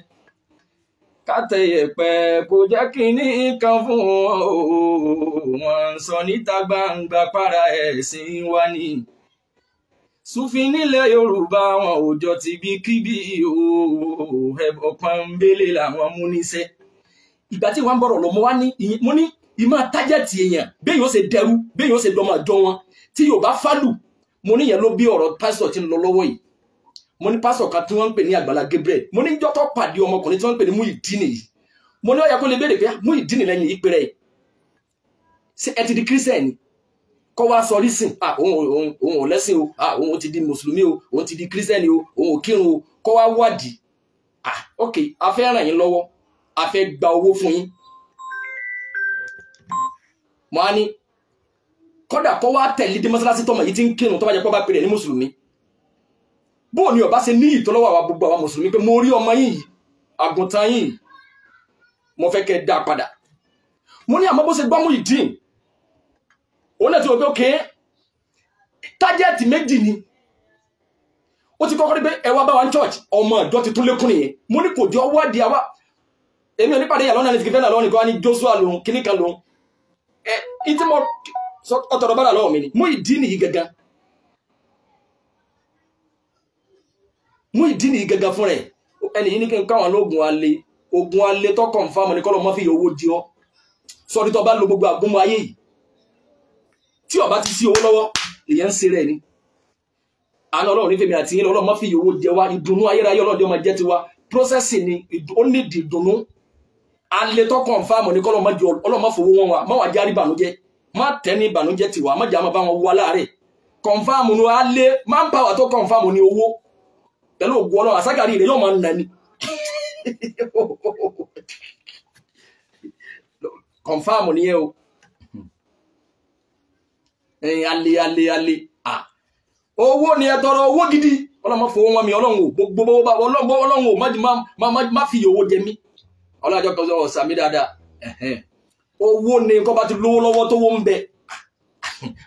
kátẹ yẹ̀pẹ̀ kò jẹ́ kínní kan fún wọn o wọ́n ń sọ níta gbangba para ẹ̀sìn wa ni Súfì nílẹ̀ Yorùbá wọn ò jọ ti bí kíbi o ẹbọ pọ́nbélé làwọn mú níṣẹ́ ìgbà tí wọ́n ń bọ̀rọ̀ lọ mo wá ní mo ní ìmọ̀ tájẹ̀tì èèyàn bẹ́ẹ̀ yóò ṣe dẹrú bẹ́ẹ̀ yóò ṣe dọmọ àjọ wọn tí Yorùbá fálù mo níyẹn ló bí ọ̀rọ̀ pásítọ̀ tí ń lọ lọ́wọ́ yìí mo ní pásítọ̀ kan tí wọ́n ń pè ní àgbàlá Gabriel mo ní jọ́tọ̀ pàdé ọmọkùnrin tí wọ́n ń pè ní Muyideen yìí mo ní ó kó lè béèrè pé Muyideen lẹ́yìn ìpèrè yìí ṣé ẹ ti di kírísítẹ̀nì kọ́ wá sọ rísìn òun ò lẹ́sìn o òun ti di mùsùlùmí o òun ti di kírísítẹ́nì o òun ò kírun o kọ́ wá wádìí ok a fẹ́ ràn yín lọ́wọ́ a fẹ́ gba owó fún yín. mo á ní kọ́dà kọ́ wá tẹ̀lé dé mọ́sálásí tọ́mọ̀ yìí ti ń kírun tó bó ni ọba ṣe ní ìtọ́lọ́wọ́ àwa gbogbo àwa mùsùlùmí pé mo rí ọmọ yìí àgùntàn yìí mo fẹ́ kẹ́ dá padà mo ní àmọ́ bó ṣe gbọ́ Muyideen òun náà ti wọ pé òkè tájẹ́ẹ̀tì méjì ni ó ti kọ́kọ́ rí pé ẹ bá wa ní church ọmọ ìjọ ti tún lékún nìyẹn mo ní kò jọ wádìí àwa èmi ò ní pàdé yàrá náà ní ti fẹ́ nà lọ́wọ́ nìkan wá ní Joshua lòun kíníkan lòun ẹ ìtí mo ọ̀tọ̀rọ̀ bá Muyideen gẹ́gẹ́ fún rẹ̀ ẹni yìí ní kí n káwọn lóògùn alẹ oògùn alẹ tó confam ní kọ́lọ́ mọ́fì owó di ọ́ sọ́ọ́dí tó bá lo gbogbo àgbọ̀mọ ayé yìí tí ọba ti sí owó lọ́wọ́ èèyàn ń ṣe rẹ̀ ni àná ọlọ́run ní fèmí àti yín lọ́lọ́ mọ́fì owó jẹ wa ìdùnnú ayérayé ọlọ́dẹ ọmọ jẹ́ tiwa prọ́sẹ̀sì ni ó ní di ìdùnnú alẹ tó confam ní kọ́lọ́ mọ́fì owó wọn wa má wàá járí bànújẹ́ má tẹ́ni bànújẹ́ tiwa má jà má ni alẹ pẹ̀lú ògùn ọlọ́run àsákàrí rẹ̀ yóò máa ń nani. kọ̀nfàmù nìyẹn o ale ale ale ah owó ni ẹ tọrọ owó gidi ọlọ́mọ fowó wọn mi ọlọ́run o gbogbo ọlọ́gbọ́ ọlọ́run o má fi owó jẹ mí ọlọ́run àjọkọ̀ ọ̀sàmí dáadáa owó ni kọ́ bá ti lówó lọ́wọ́ tó wó ń bẹ́ẹ̀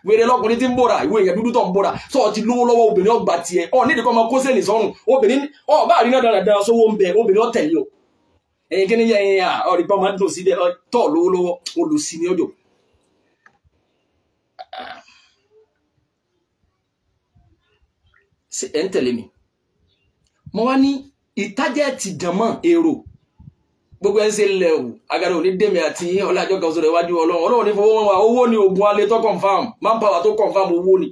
wèrè lọkùnrin tí ń bóra ìwé ìyẹn dúdú tó ń bóra sọ ọ ti lówó lọ́wọ́ obìnrin ọgbà tiẹ̀ ọ nídìí kọ́ ọmọ kó sẹ́ni sọ́run obìnrin ọ bá rí náà dáradára sówó ń bẹ obìnrin ọ tẹ̀lé o ẹ̀yin kí ni yẹ ẹ̀yin à ọ̀rí máa dùn sí bẹ́ẹ̀ tọ̀ lówó lọ́wọ́ olùsí ni ọjọ́. ẹ̀ ń tẹ̀lé mi mo wá ní ìtajà ti dàn mọ́ èrò gbogbo ẹ̀ ń ṣe lẹ̀ o agara òní dèmi àti ọlájọ́ kan sọ̀rọ̀ iwájú ọlọ́run ọlọ́run ní fowó wọn owó ni oògùn alẹ́ tó confam manpower tó confam owó ni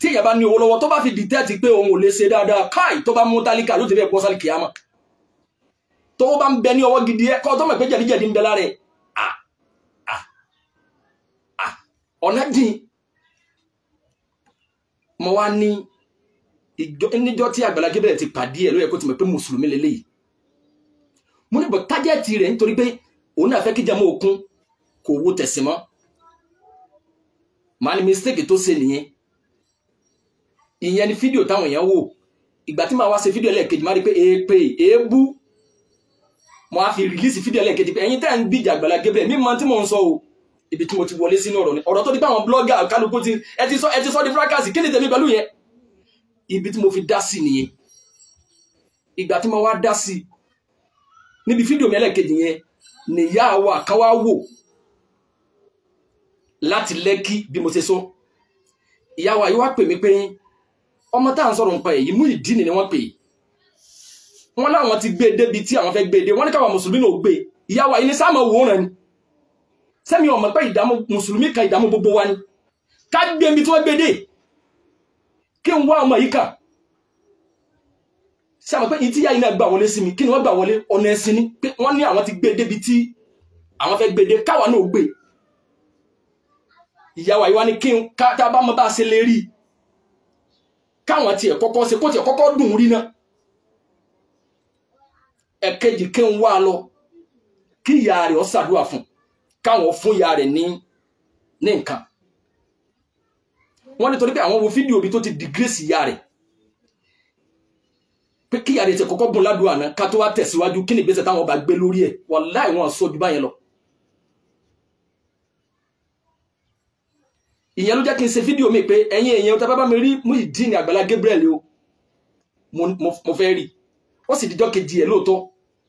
tí èèyàn bá ní owó lọ́wọ́ tó bá fi dìtẹ́ẹ̀tì pé òun ò lè ṣe dáadáa káì tó bá mú tálíkà ló ti fẹ́ pọ́ sálì kìámà tó bá ń bẹ ní ọwọ́ gidi ẹ kọ́ tó mọ̀ pé jẹ̀díjẹ̀dí ń bẹ lára ẹ̀ ọ̀nà dín mo wá ní níjọ́ tí Àgbàlá Gabriel ti pàdé ẹ̀ ló yẹ kó ti mọ̀ pé mùsùlùmí lélẹ́yìí mo ní bọ̀ tájẹ́ẹ̀tì rẹ̀ nítorí pé òun náà fẹ́ kí jẹ́mọ́ òkun kò wo tẹ̀sí mọ́ màá ní mistake tó ṣe nìyẹn ìyẹn ni fídíò táwọn èèyàn wò ìgbà tí màá wá ṣe fídíò ẹlẹ́ẹ̀kejì máa rí pé èèpè èébú mo á fi rìlíìsì fídíò ẹlẹ́ẹ̀kejì pé ẹ̀yin tẹ́ ń bíjà Àgbàlá Gabriel mímọ tí mò ń sọ o ibi tí mo ti wọlé sínú ọ̀rọ̀ ni ọ̀rọ̀ tó di pé àwọn blọ́gà kálukú ti ẹ ti sọ ẹ ti sọ di fúrákàsì kí ni tèmi pẹ̀lú yẹn ibi tí mo fi dá sí nìyẹn ìgbà tí mo wá dá sí níbi fídíò mi ẹlẹ́ẹ̀kejì yẹn nìyá wa káwá wò láti lẹ́kí bí mo ṣe sọ ìyá wa yìí wá pè mí pé ọmọ tá à ń sọ̀rọ̀ nípa èyí mú ìdí nì ni wọ́n pè wọ́n láwọn ti gbé e débi tí àwọn fẹ́ gbé e dé wọ́n ní káwọn mùsùlùmí náà gbé e. ìyá wa yìí ní sáà mọ̀ wò rẹ̀ ni sẹ́mi ọmọ pé ìdààmú mùsùlùmí kan ìdààmú gbogbo wa ni ká gbé mi tí wọ́n gbé dé kí n wá ọmọ yìí kàn ṣé àwọn pé ní tíyá yìí náà gbà wọlé sí mi kí ni wọ́n gbà wọlé ọ̀nà ẹ̀sìn ni pé wọ́n ní àwọn ti gbé débi tí àwọn fẹ́ gbé dé káwa náà gbé ìyàwó àyíwá ni kí n ká bá mọ bá a ṣe lè rí káwọn tiẹ̀ kọ́kọ́ ṣe kó tiẹ̀ kọ́kọ́ dùn rí náà ẹ̀kejì kí n wá lọ kí ìyá rẹ̀ ọ́ ṣàdúrà fún káwọn fún ìyá rẹ̀ ní ní nǹkan wọ́n ní torí pé àwọn wo fídíò bí tó ti dìgírèsì ìyá pé kíyà rẹ̀ ṣe kọ́kọ́ bùn ládùúgbò àná ká tó wá tẹ̀síwájú kí ni ìgbésẹ̀ táwọn ọba gbé lórí ẹ̀ wàláì wọn sọ ju báyẹn lọ. ìyẹn ló jẹ́ kí n ṣe fídíò mi pé ẹ̀yin èèyàn tá a bá bá mi rí Muyideen Àgbàlá Gabriel o mo fẹ́ rí ó sì dijọ́ kejì ẹ̀ lóòótọ́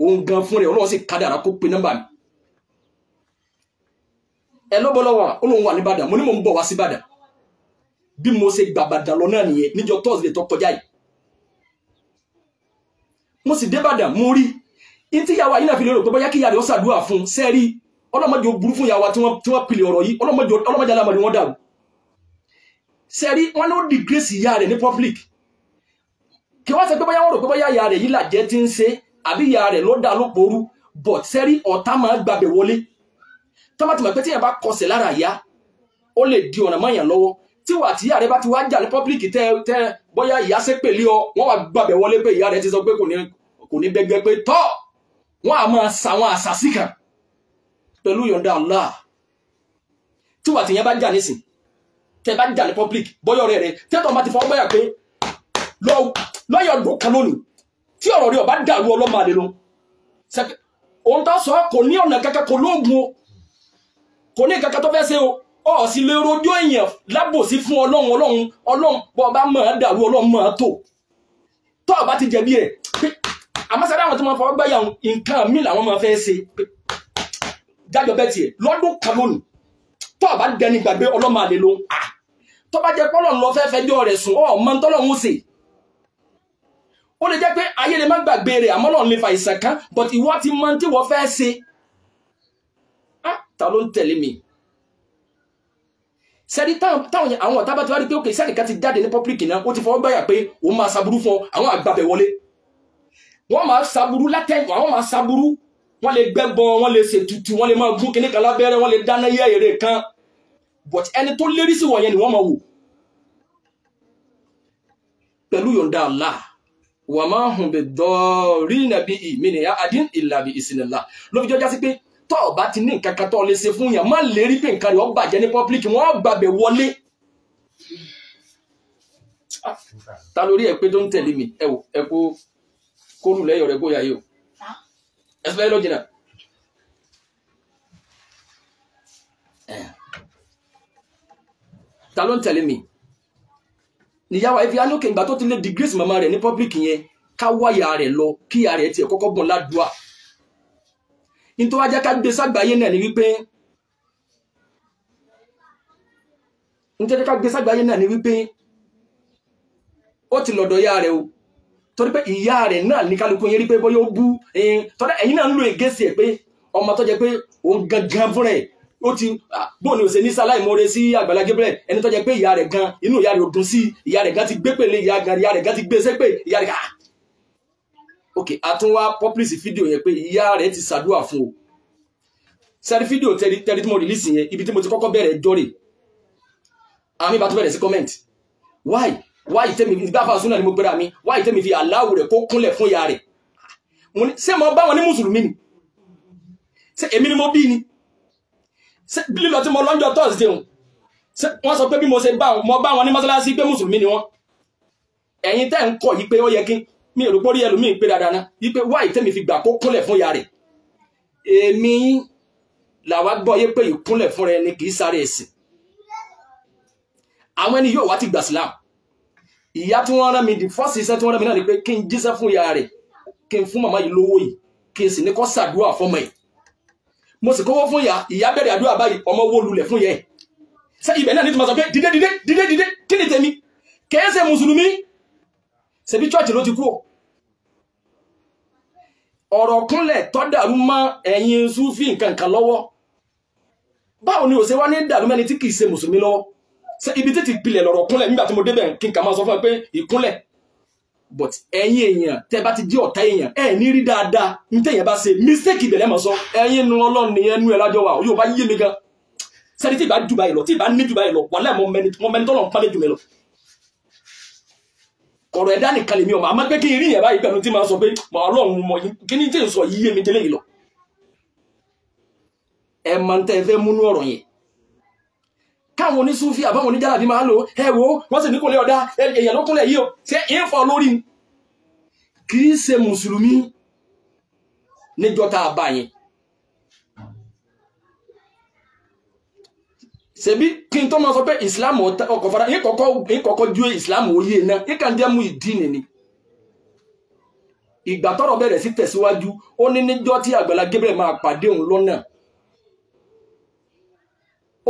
òun gan fún rẹ̀ ọlọ́wọ́ sì kádàrá kó pe nọ́mbà mi ẹ lọ́bọ̀lọ́wọ́ ó lóun wà ní Ìbàdàn mo ní mò ń bọ̀ wá sí Ìbàdàn bí mo ṣe gbàgbàdàn lọ náà nìyẹn níjọ́ Thursday tó kọjá yìí mo sì débàdàn mo rí in tí yàwá yìí náà fi lérò pé bóyá kí yàrá ó ṣàdúrà fún sẹ́rí ọlọ́mọdé ó burú fún yàwá tí wọ́n pilẹ̀ ọ̀rọ̀ yìí ọlọ́mọdé alámọ̀dé wọn dàrú sẹ́rí wọn ló di grace ìyá rẹ̀ ní public kí wọ́n sọ pé bóyá wọ́n rò pé bóyá ìyá rẹ̀ yìí làjẹ́ ti ń ṣe àbí ìyá rẹ̀ ló dà lóporú but sẹ́rí ọ̀tá máa gbàbẹ̀ wọlé tọ́mọ̀tìmọ̀ pé tí yẹn bá kọsẹ̀ lára ìyá ó lè di ọ̀nà mọ́yàn lọ́wọ́ tí wà tí ìyá rẹ bá ti wá jà ní public tẹ tẹ bóyá ìyá ṣe pèlè ọ wọn wà gbàgbẹ wọlé pé ìyá rẹ ti sọ pé kò ní bẹgbẹ pé tọ wọn à máa ṣàwọn àṣàṣì kan pẹ̀lú yọ̀ǹda Allah tí wà tí ìyẹn bá jà nísìn tẹ bá jà ní public bóyá ọ̀rẹ́ rẹ tẹtọ bá ti fọwọ́ bóyá pé lọ́yọ̀ ọdún kan lónìí tí ọ̀rọ̀ rẹ ọba dàrú ọlọ́mọ àlè lọ ohun tó sọ kò ní ọ̀nà kankan kò lóògùn o kò ní kankan tó fẹ́ ṣe o ọ̀sìn lè rojọ́ èèyàn lábòsí fún ọlọ́run ọlọ́run ọlọ́run bọ́ ọba mọ̀ ọ́ dàrú ọlọ́run mọ̀ ọ́ tò tọ́ ọba ti jẹ̀bi rẹ̀ àmọ́sára àwọn tó máa fọwọ́ gbáyà nǹkan míì làwọn máa fẹ́ ṣe jájọ bẹ́ẹ̀ tiẹ̀ lọ́dún kan lónìí tọ́ ọba dẹni gbàgbé ọlọ́mọ àlè ló ah! ń à tọ́ bá jẹ́ pọ́lọ̀ lọ fẹ́ fẹjọ́ rẹ̀ sùn ọ̀ mọ tọ́lọ́hún ṣe ó lè jẹ́ pé ayé lè má gbàgbé rẹ̀ àmọ́ lọ́n lè fa ìsàn kan but ìwọ ti mọ tí wọ́n fẹ́ ṣe ah ta ló ń tẹ̀lé mi sẹ́ni táwọn àwọn ọ̀tá bá ti wá rí pé òkè sẹ́nìkan ti jáde ní public náà ó ti fọwọ́ gbáyà pé òun máa ṣaburú fún ọ àwọn àgbàbẹ̀ wọlé wọ́n máa ṣaburú látẹ̀yìn àwọn máa ṣaburú wọ́n lè gbẹ́bọ wọ́n lè ṣètùtù wọ́n lè máa gún kíní kan lábẹ́rẹ́ wọ́n lè dáná yẹ èrè kan but ẹni tó lérí sí wọ̀nyẹn ni wọ́n máa wò pẹ̀lú yọ̀ǹda Allah wàmáhùn bẹ̀ dọ́ọ̀rí nàbí ìmìnira adín ìlàbí ìsìnlá ló fi jọjá sí tọ́ ọ̀bá ti ní nǹkan kan tọ́ lè ṣe fún yàn má lè rí pé nǹkan rẹ̀ ó bàjẹ́ ní public wọ́n á gbàbẹ̀ wọlé. ta lórí ẹ pé tó ń tẹ̀lé mi ẹ wò ẹ kó kóòlù lẹ́yọ̀ rẹ kó yà yìí o ẹ fẹ́ lọ́jìnà. ta ló ń tẹ̀lé mi níyàwó ẹ̀fí alókè ìgbà tó ti lé degrees màmá rẹ̀ ní public yẹn ká wáyà rẹ̀ lọ kí ìyá rẹ̀ tiẹ̀ kọ́kọ́ bọ̀ ládùá nítorí wájá ká gbé ságbáyé náà ni wípé nítorí ká gbé ságbáyé náà ni wípé ó ti lọ́dọ̀ ìyá rẹ̀ o torí pé ìyá rẹ̀ náà ní kálukú yẹn rí pé bóyá ó bú tọ́lá ẹ̀yin náà ń lo ègésì ẹ̀ pé ọmọ tó jẹ pé òun gangan fúnra ẹ̀ ó ti bóun ni òsè ní sáláì mọ́re sí Àgbàlá Gabriel ẹni tó jẹ pé ìyá rẹ̀ gan inú ìyá rẹ̀ ò dùn sí ìyá rẹ̀ gan ti gbé pèlè ìyá rẹ̀ gan ti gbé sépè ìyá rẹ̀ gan ok àtúnwá publish fídíò yẹn pé ìyá rẹ̀ ti ṣàdúrà fún o sẹ́rí fídíò tẹ́rí tí mo release yẹn ibi tí mo ti kọ́kọ́ bẹ̀rẹ̀ ẹjọ́ rẹ̀ àmì ìbá tó bẹ̀rẹ̀ sí comment why why tẹ́mi fi gbáfà súnà ni mo pera mi why tẹ́mi fi aláwò rẹ̀ kó kúnlẹ̀ fún ìyá rẹ̀ ṣé mo bá wọn ní mùsùlùmí ni ṣé èmi ni mo bí ni ṣé lílọ tí mo lọ́njọ́ thursday hùn wọ́n sọ pé bí mo ṣe bá wọn mo bá wọn ní mọ́ṣáláṣí pé mùsùlùmí ni wọ́n ẹ̀yin tẹ́ ń kọ̀ mi ò rò pé orí ẹlòmíì pé dáadáa ná wípé wá ìtẹ́mi fi gbà kó kúnlẹ̀ fún ya rẹ̀ èmi làwa gbọ́ yé pé ìkúnlẹ̀ fún rẹ ni kì í sáré ẹ̀sìn àwọn ẹni yóò wá ti gbà sílámù ìyá tí wọ́n rán mi di first iṣẹ́ tí wọ́n rán mi náà ni pé kí n jíṣẹ́ fún ìyá rẹ̀ kí n fún màmá yìí lówó yìí kí n sì ní kó ṣàdúrà fọmọ yìí mo sì kówó fún ìyá ìyá bẹ̀rẹ̀ àdúrà báyìí ọmọ wó lulẹ̀ fún yẹ ṣé ibẹ̀ náà ní tí mo sọ pé dídé dídé dídé dídé kí ni tèmi kèé mùsùlùmí ṣebí chọ́ọ̀chì ló ti kúrò ọ̀rọ̀ kúnlẹ̀ tó dàrú mọ́ ẹ̀yin súfì nǹkan kan lọ́wọ́ báwo ni òṣèwá ní dàrú mẹ́ni tí kìí ṣe mùsùlùmí lọ́wọ́ ṣe ibi tí ti pilẹ̀ lọ̀rọ̀ kúnlẹ̀ nígbà tí mo débẹ̀ kí n kà máa sọ fún ẹ pé ìkúnlẹ̀ but ẹ̀yin èèyàn tẹ́ bá ti jẹ́ ọ̀tá èèyàn ẹ̀ ní rí dáadáa ní tẹ̀yìn bá ṣe mistake ìbẹ̀rẹ̀ mọ̀ sọ ẹ̀yin nu ọlọ́run nìyẹn nu ẹ̀ lájọ wa yóò bá yé mi gan sẹ́ni tí ì ọ̀rọ̀ ẹ̀dá nìkan lèmi ọmọ àmọ́ pé kí n rí yẹn báyìí pẹ̀lú tí màá sọ pé màá ọlọ́run mọ kí ni tí n sọ yíyé mi délé yìí lọ. ẹ máa ń tẹ ẹ fẹ́ múnú ọ̀rọ̀ yẹn káwọn onísúfì àbáwọn oníjàlábí máa lò ẹ wo wọ́n sì ní kò èèyàn ló kúnlẹ̀ yìí o ṣé é fọ lórí kì í ṣe mùsùlùmí níjọ́ tá a bá yẹn Sebi kí n tó máa sọ pé islam ọkọ̀ fara yín kọ́kọ́ ju islam orí ẹ̀ náà yín kàn jẹ́ mú ìdí nìní ìgbà tọ́rọ̀ bẹ̀rẹ̀ sí tẹ̀síwájú ó ní níjọ́ tí àgbàlá Gabriel máa pàdé òun lọ́nà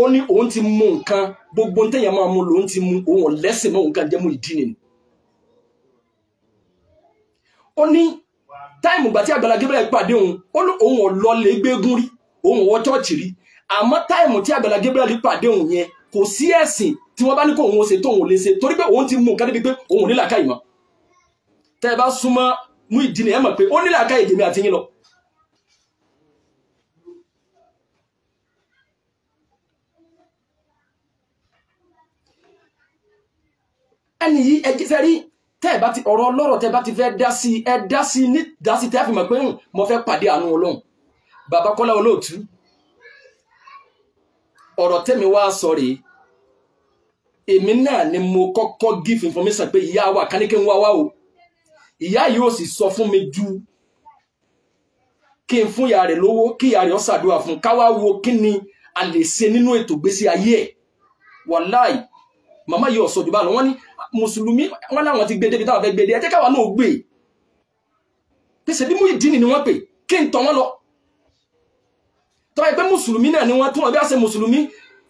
ó ní òun ti mú nǹkan gbogbo téèyàn máa mú lòun ti mú òun lẹ́sìn mọ́ òun kan jẹ́ mú ìdí nìyí ó ní táìmù ìgbà tí àgbàlá Gabriel pàdé òun ó ní òun ò lọ lè rí òun ò wọ chọ́ọ̀chì àmọ́ táìmù tí àgbàlá Gabriel pàdé òun yẹn kò sí ẹ̀sìn tí wọ́n bá ní kó òun ṣe tó òun lè ṣe torí pé òun ti mú nǹkan débi pé òun ní làákàyè mọ́ tẹ́ ẹ bá súnmọ́ mú ìdí ẹ mọ̀ pé ó ní làákàyè jèmi àti yín lọ. ẹni yìí ẹ jẹ́ rí tẹ́ ẹ bá ti ọ̀rọ̀ ọlọ́rọ̀ tẹ́ ẹ bá ti fẹ́ dá sí ẹ dá sí ní dá sí tẹ́ ẹ fi mọ̀ pé hmm, mo fẹ́ pàdé àánú ọlọ́run bàbá kọ́lá olóòtú ọ̀rọ̀ tẹ́mi wá sọ rèé èmi náà ni mo kọ́kọ́ give information pé ìyá wa káníkì ń wá wá o ìyá yìí ò sì sọ fún mi ju kí n fún ìyá rẹ̀ lówó kí ìyá rẹ̀ ó ṣàdúrà fún káwá wo kí ni a lè ṣe nínú ètò ìgbésí ayé ẹ̀ wàláì màmá yìí ọ̀sọ̀ jù bá lọ wọ́n ní mùsùlùmí wọn láwọn ti gbé débi táwọn fẹ́ gbé dé ẹ káwa náà gbé pèsè bí mú ìdí ni wọ́n pè kí n tọ́ wọn lọ tó yẹ pé mùsùlùmí náà ni wọ́n tún wọn bí a ṣe mùsùlùmí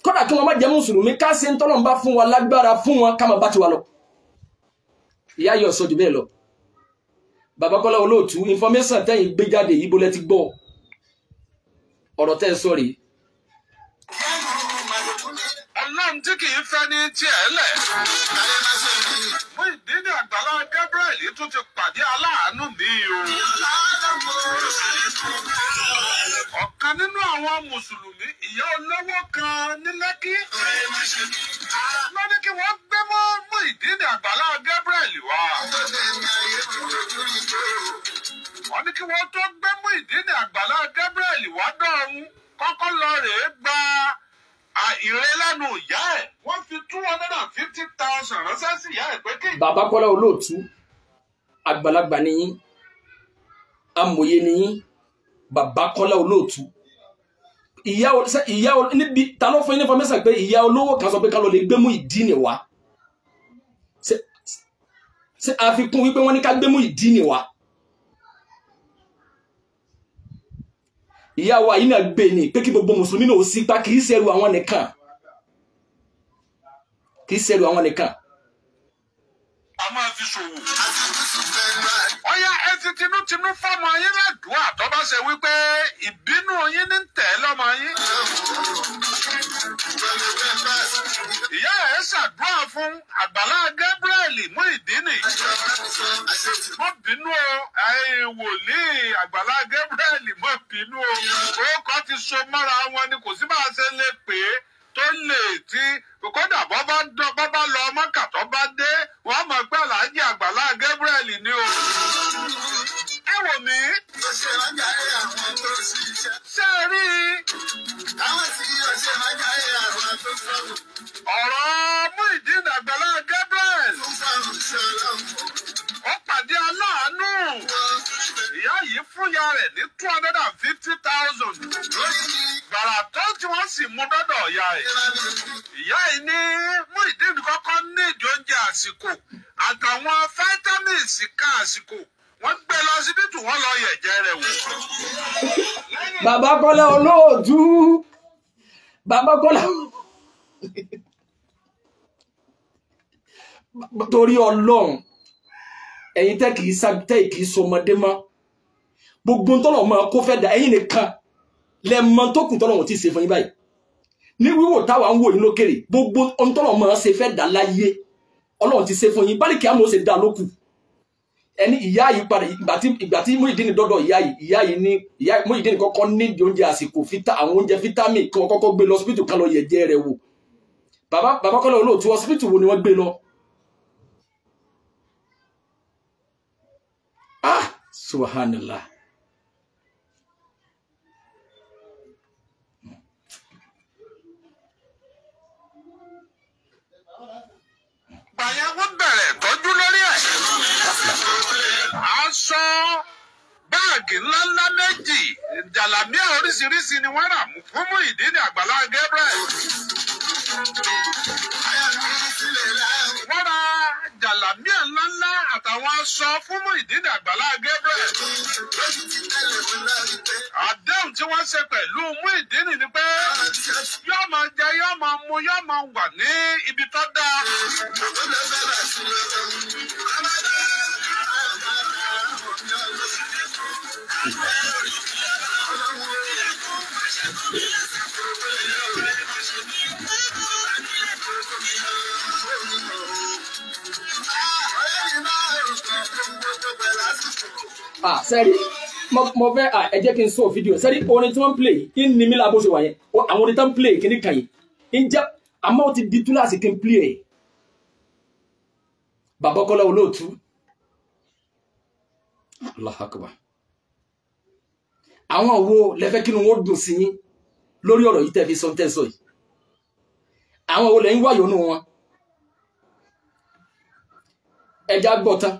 kódà kí wọ́n má jẹ́ mùsùlùmí ká ṣe ń tọ́lọ̀ ń bá fún wọn lágbára fún wọn ká máa bá tiwa lọ. ìyá yọ sọ jù bẹ́ẹ̀ lọ bàbá Kọ́lá Olóòtú information tẹ́yìn gbé jáde yìí bólẹ́ ti gbọ́ ọ̀rọ̀ tẹ́ ẹ sọ rèé. ọlọ́run tí kì í fẹ́ ní tiẹ̀ lẹ̀. fún ìdílé Àgbàlá ọ̀kan nínú àwọn mùsùlùmí ìyá olówó kan ní lẹ́kí ló ní kí wọ́n gbé mọ́ Muyideen Àgbàlá Gabriel wá. wọ́n ní kí wọ́n tó gbé Muyideen Àgbàlá Gabriel wá dọ̀hún kọ́kọ́ lọ rèé gba ìrẹ́lẹ́nu ìyá ẹ̀ wọ́n fi two hundred and fifty thousand ránṣẹ́ sí ìyá ẹ̀ pé kí. bàbá kọ́lá olóòtú àgbàlagbà nìyí amòye nìyí bàbá kọ́lá olóòtú ìyá ìyá níbi ta ló fún yín nípa mẹ́sàn pé ìyá olówó kan sọ pé ká lọ lè gbé mú ìdí nì wá ṣe àfikún wípé wọ́n ní ká gbé ìdí nì wá ìyá wa gbé ni pé kí gbogbo mùsùlùmí náà ó pa kì í ṣẹrù àwọn nìkan kì í ṣẹrù àwọn nìkan. a máa fi ṣòwò. a ti fi ṣòwò ọyá ẹ tinútinú fọmọ yín ládùúà tó bá ṣe wípé ìbínú yín ní tẹ̀ lọ́mọ yín. ìyá ẹ ṣàdúrà fún àgbàlá Gabriel Muyideen mọ bínú o wòlíì àgbàlá Gabriel mọ bínú o orúkọ ti so mọ́ra wọn ni kò sí bá a ṣe lè pè é tó lè ti kódà bọ́ bá lọ mọ́kà tó bá dé wọ́n mọ̀ pé aláàjì àgbàlá Gabriel ni o. ẹ wò mí. ó ṣe rájà ẹ àwọn tó sì ṣe. ṣé ẹ rí i. táwọn sì yóò ṣe rájà ẹ àwọn tó sọ̀rọ̀. ọ̀rọ̀ Muyideen àgbàlá Gabriel. tó fọwọ́ sọ̀rọ̀. ó pàdé aláàánú. wọ́n ìyá yìí fúnya rẹ̀ ní two hundred and fifty thousand gbàrà tó tí wọ́n sì mú dọ́dọ̀ ìyá ẹ̀ ìyá yìí ní Muyideen kọ́kọ́ ní ìdí oúnjẹ àsìkò àtàwọn vitamins ká àsìkò wọ́n gbé lọ síbítù wọ́n lọ yẹ̀jẹ̀ rẹ̀ wò. bàbá kọ́lá olóòtú bàbá kọ́lá torí ọlọ́run ẹ̀yin tẹ́ kì í sọmọdé mọ́ gbogbo tọ́lọ̀ mọ́ kó fẹ́ da ẹ̀yin nìkan lẹ́mọ tó kù tọ́lọ̀ wọn ti ṣe fún yín báyìí ní wíwò táwa ń wò yín lókèrè gbogbo tọ́lọ̀ mọ́ ṣe fẹ́ da láyé ọlọ́run ti ṣe fún yín báríkì àmọ́ ó ṣe da lókù ẹni ìyá yìí padà ìgbà tí Muyideen dọ́dọ̀ ìyá yìí ìyá yìí ní ìyá Muyideen kọ́kọ́ ní oúnjẹ àsìkò àwọn oúnjẹ fítámì kan kọ́kọ́ gbé lọ hospital kan lọ yẹ̀jẹ̀ rẹ̀ wò bàbá bàbá kọ́lá olóòtú hospital wo ni wọ́n gbé lọ ah subhanallah ọ̀pọ̀ yẹn wọ́n bẹ̀rẹ̀ tọ́jú lórí ẹ̀. aṣọ báàgì ńláńlá méjì jàlámíà oríṣiríṣi ni wọ́n rà fún Muyideen Àgbàlá Gabriel. wọ́n ra jàlámíà ńláńlá àtàwọn aṣọ fún Muyideen Àgbàlá Gabriel. àdéhùn tí wọ́n ṣe pẹ̀lú Muyideen ni pé yóò máa jẹ yóò máa mu yóò máa wà ní ibi tó dáa. Thank ah sẹ́rí mo fẹ́ ah, ẹ jẹ́ kí n sọ fídíò sẹ́rí orin tí wọ́n ń play kí n ní mi lábó ṣe wà yẹn àwọn orin tí wọ́n ń play kí n kàn yín ǹjẹ́ àmọ́ ti di túláàsì kí n play ẹ̀ bàbá Kọ́lá Olóòtú Allahu Akbar àwọn wo lẹ́fẹ́ kí ni wọ́n dùn sí yín lórí ọ̀rọ̀ yìí tẹ́ fi sọ tẹ́sọ̀ yìí àwọn wo lẹ́yìn wáyọ̀ nù wọn ẹja gbọ́ tán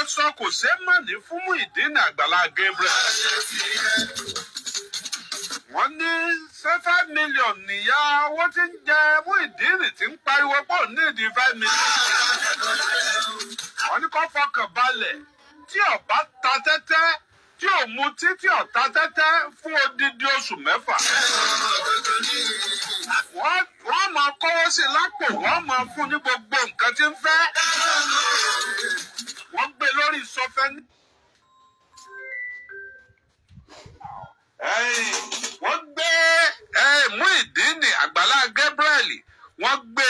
aṣọ kò ṣeé fún Muyideen Àgbàlá Gabriel. wọ́n ní five million nìyá owó tí ń jẹ Muyideen tí ń pariwo pọ̀ nídìí five million. wọ́n ní kó fọkàn balẹ̀ tí ọba ta tẹ́tẹ́ tí ò mutí tí ò ta tẹ́tẹ́ fún odidi oṣù mẹ́fà. wọ́n máa kọ́wọ́ sí i lápò wọ́n máa fún ní gbogbo nǹkan tí ń fẹ́ wọ́n gbé lórí sọfẹ́ ní. wọ́n gbé Muyideen Àgbàlá Gabriel wọ́n gbé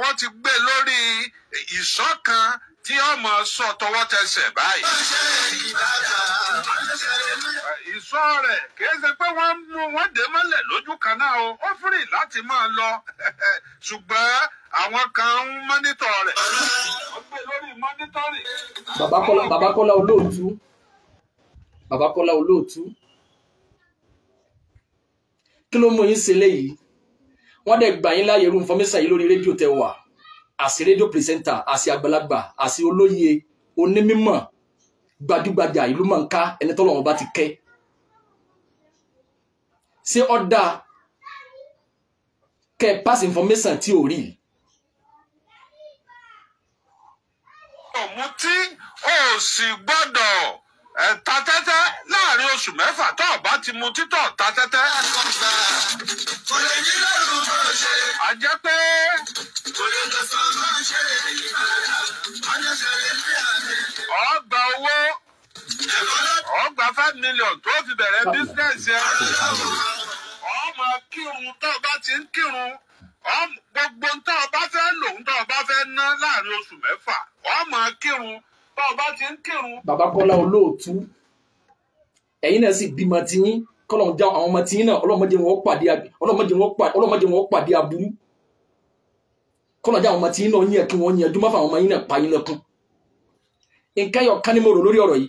wọ́n ti gbé lórí ìṣọ̀kan tí ọmọ sọ tọwọ́ tẹsẹ̀ báyìí. ìsọ rẹ̀ kìí ṣe pé wọ́n mú wọn dé mọ́lẹ̀ lójú kan náà o ó fìrì láti máa lọ ṣùgbọ́n àwọn kan ń mọ́nítọ̀ rẹ̀. bàbá kọ́lá olóòtú bàbá kọ́lá olóòtú kí ló mú yín ṣe léyìí wọ́n dẹ̀ gbà yín láàyè irú nǹkan yìí lórí rédíò tẹ wà àṣì rédíò pírẹsẹ́ńtà àṣì àgbàlagbà àṣì olóye onímọ̀ gbajúgbajà ìlú mọ̀nká ẹni tọ́lọ́run bá ti kẹ́ ṣé ó dáa kẹ́ pass information tí ò rí yìí. ọ̀mùtí ò sì gbọ́dọ̀ ta tẹ́tẹ́ láàrin oṣù mẹ́fà tó o ti mu títọ̀ ta tẹ́tẹ́. kò lè yí lẹ́rù bó ṣe. a jẹ́ pé. kò lè lọ sọ bó ṣe ìbára ọjọ́ ṣẹlẹ̀ bí àná. ọgbà owó ọgbà five million tó fi bẹ̀rẹ̀ bísíǹsì ẹ. ọmọ kírun tó o ti ń kírun gbogbo tó o fẹ́ lòun tó o fẹ́ ná láàrin oṣù mẹ́fà ọmọ kírun bá ọba ti ń kírun. bàbá Kọ́lá olóòtú ẹ̀yin náà sì bímọ tiyín kọ́lọ́n já àwọn ọmọ tiyín náà ọlọ́mọdé wọn pàdé aburú kọ́lọ́n já àwọn ọmọ tiyín náà yín ẹ̀kí wọn yín ẹ̀dúmọ́ fáwọn ọmọ yín náà pa yín lẹ́kún. nǹkan yọ̀ ká ní mo rò lórí ọ̀rọ̀ yìí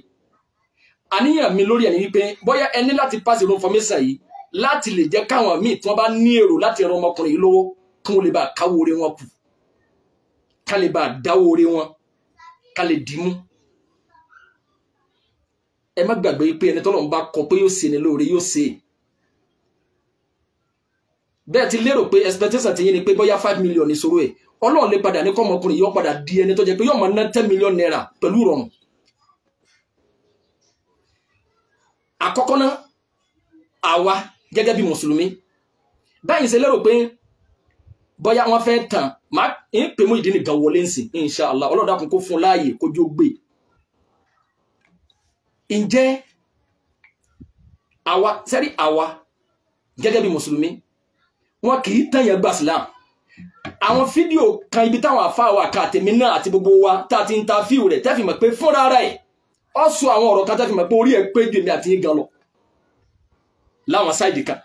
àníyàn mi lórí ẹ̀ ni wípé bóyá ẹ ní láti pass ìlú information yìí láti lè jẹ́ káwọn míì tí wọ́n bá ní èrò láti ran ọmọkùnrin yìí lọ́wọ́ kí lè bá káwó orí wọn kù ká lè bá dáwó orí wọn ká lè dì í mú ẹ má gbàgbé pé ẹni tọ́lọ̀ ń bá kọ pé yóò ṣe ni lóore yóò ṣe bẹ́ẹ̀ ti lérò pé expectation ti yín ni pé bóyá five million ìṣòro ẹ̀ ọlọ́run lè padà ní kọ́mọ ọkùnrin yóò padà di ẹni tó jẹ́ pé yóò máa ná ten million naira pẹ̀lú ìrọ̀rùn àkọ́kọ́ náà àwa gẹ́gẹ́ bí mùsùlùmí báyìí ṣe lérò pé bóyá wọ́n fẹ́ tàn Ma, ń pè mú ìdí nìkan wọlé nsìn inshàlá ọlọ́dà kún kó fún láàyè kójú gbé ǹjẹ́ àwa sẹ́rí àwa gẹ́gẹ́ bí mùsùlùmí wọn kì í tẹ̀yẹ̀ gba Islam àwọn fídíò kan ibi táwọn àfáàwà kan àtẹ̀mí náà àti gbogbo wa tá a ti ń ta fíìwù rẹ̀ tẹ́fì mọ̀ pé fúnra rẹ̀ ọ sọ àwọn ọ̀rọ̀ kan tẹ́fì mọ̀ pé orí ẹ̀ pé ju èmi àti yín gan lọ láwọn sáìdì kan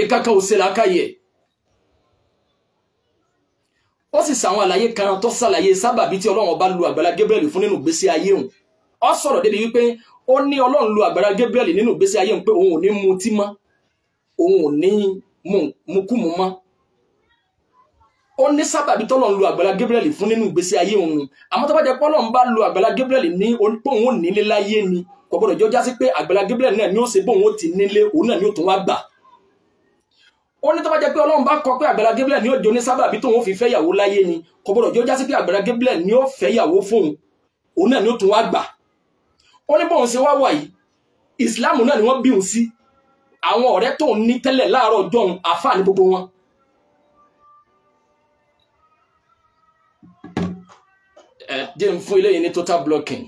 ìkankan ò ṣe ó sì sàwọn àlàyé kan tó ṣàlàyé sábàbí tí ọlọ́run ọba lu àgbàlá Gabriel fún nínú ìgbésí ayé òun ó sọ̀rọ̀ débi wípé ó ní ọlọ́run lu àgbàlá Gabriel nínú ìgbésí ayé òun pé òun ò ní mu tí mọ́ òun ò ní mu kú mu mọ́ ó ní sábàbí tọ́lọ́run lu àgbàlá Gabriel fún nínú ìgbésí ayé òun àmọ́ tó bá jẹ́ pọ́lọ́run bá lu àgbàlá Gabriel ní pòun ò nílé láyé ni kò gbọ́dọ̀ jọ jásí pé àgbàlá Gabriel náà ni ó ṣe bóun ó ti nílé òun náà ni ó tún wá gbà ó ní tó bá jẹ́ pé ọlọ́run bá kọ pé àgbàlá Gabriel ni ó jọ ní sábàbí tóun fi fẹ́ yàwó láyé ni kò gbọ́dọ̀ jọ jásí pé àgbàlá Gabriel ni ó fẹ́ yàwó fóun òun náà ni ó tún wá gbà ó ní bóun ṣe wá wà yìí Islam náà ni wọ́n bí òun sí àwọn ọ̀rẹ́ tóun ní tẹ́lẹ̀ láàárọ̀ ọjọ́ òun àfáà ní gbogbo wọn. ẹ díẹ̀ ń fún ilé ní total blocking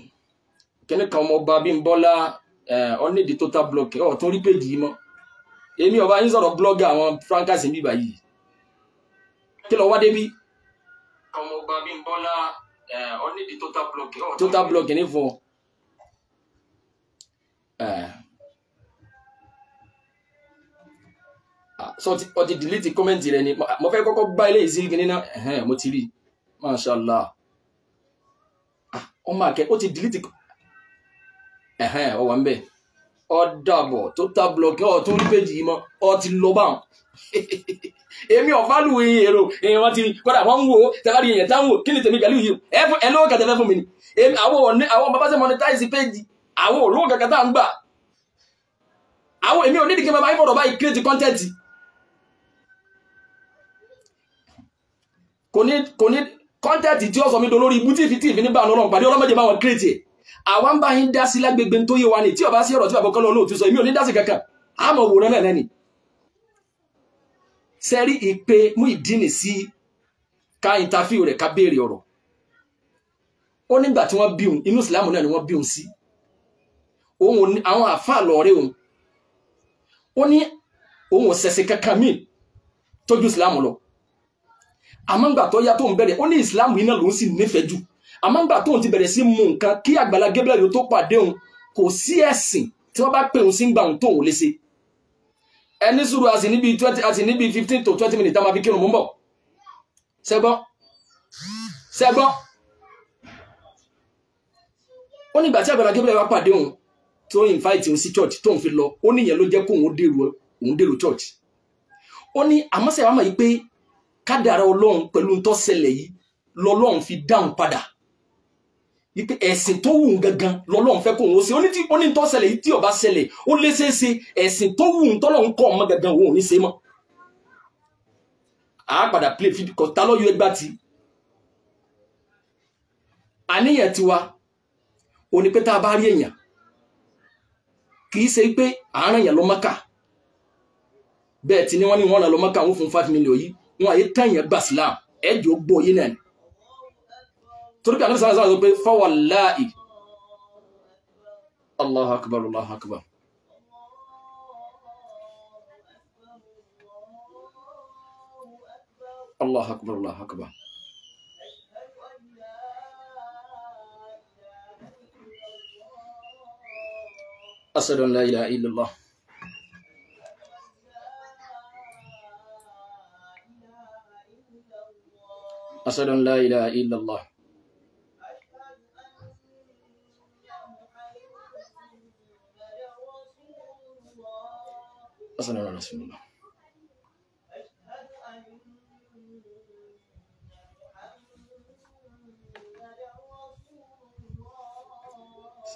kí ni kàwọn ọmọ ọba Bímbọ́lá ọ nídìí total blocking ọ̀ tó rí èmi ọba yín sọ̀rọ̀ blọ́gà àwọn francais ń bíbà yìí kí lọ wá débi. ọmọ ọba bí n bọ́lá eh, ọ nídìí total block. total block ní fún ọ. Eh. Ah, so ọ ti delete comment rẹ ni mo fẹ́ kọ́kọ́ gbá eléyìí sí kìnìún náà mo ti rí mashallah ọmọ ah, akẹ́ ó ti delete ọwọ́ ń bẹ́ẹ̀ ọ̀dàbọ̀ tó ta bùlọ̀kẹ́ ọ̀ tó ní péjì yìí mọ́ ọ ti lọ báwọn èmi ọ̀fàlù èrò èèyàn wọn ti kọ́dà wọ́n ń wò ó tẹ́lárí èèyàn táwọn wò kí ni tèmi pẹ̀lú yìí ẹ lówó kẹtẹ fẹ́ fún mi ni àwọn bàbá sẹ́ monetize péjì àwọn olówó kankan tá à ń gbà àwọn èmi ò nídìí kí n bàbá ìfọ̀rọ̀ báyìí create content kò ní kò ní content tí ó sọ mi dolórí ibú tí ìfi tí ìfi ní bá àwọn ọlọ́run pàdé ọlọ́mọdé bá wọn create àwa ń bá yín dá sí lágbègbè tó yé wa ni tí ọba sí ọ̀rọ̀ tí bàbá kọ́lọ́ olóòtú sọ èmi ò ní dá sí kankan àmọ́ òwúrọ̀ náà náà ni. sẹ́rí ìpè mú ìdínì sí ká ìntàfíù rẹ̀ ká béèrè ọ̀rọ̀ ó nígbà tí wọ́n bí òun inú ìsìlámù náà ni wọ́n bí òun sí àwọn àáfàá lọ́ọ̀rẹ́ òun ó ní òun ò ṣẹ̀ṣẹ̀ kankan míì tójú ìsìlámù lọ àmọ́ ńgbà tó yá tó ń bẹ̀rẹ̀ ó ní ìsìlámù yìí náà lòún sì nífẹ̀ẹ́ jù àmọ́ngbà tóun ti bẹ̀rẹ̀ sí mu nǹkan kí Àgbàlá Gabriel yóò tó pàdé òun kò sí ẹ̀sìn tí wọ́n bá pè òun sí ń gbà òun tóun lè ṣe ẹni sùúrù a sì níbi twenty a sì fifteen to twenty minutes tá a máa fi kírun mú bọ̀ ṣẹ́gbọ́n ṣẹ́gbọ́n ó ní ìgbà tí Àgbàlá Gabriel wá pàdé òun tó invite òun sí church tóun fi lọ ó níyẹn ló jẹ́ kóun ó dèrò òun dèrò church ó ní àmọ́sẹ̀ wàá mọ̀ yìí pé kádàrá ọlọ́run pẹ̀lú ntọ́sẹ̀lẹ̀ ipe ẹ̀sìn tó wù ú gangan lọ́lọ́run fẹ́ kóun ó ṣe oní tí oní tó ṣẹlẹ̀ yìí tí ó bá ṣẹlẹ̀ ó lè ṣe é ṣe ẹ̀sìn tó wù ú tọ́lọ́run kọ́ ọmọ gangan òun ò ní ṣe mọ́ a padà play video kọta lọ́yọ̀ ẹgbà tí àníyàn tiwa ó ní pé tá a bá rí èèyàn kì í ṣe pé àárín èèyàn ló mọ́kà bẹ́ẹ̀ tí ni wọ́n ní wọ́n rà ló mọ́kà wọ́n fún five million yìí wọ́n àyè tẹ̀yìn gbà sílám ẹ̀jọ̀ gbọ́ yé náà ni ترجع نفس الأزرار فوالله الله أكبر الله أكبر الله أكبر الله أكبر أشهد أن لا إله إلا الله أشهد أن لا إله إلا الله أصلا أنا رسول الله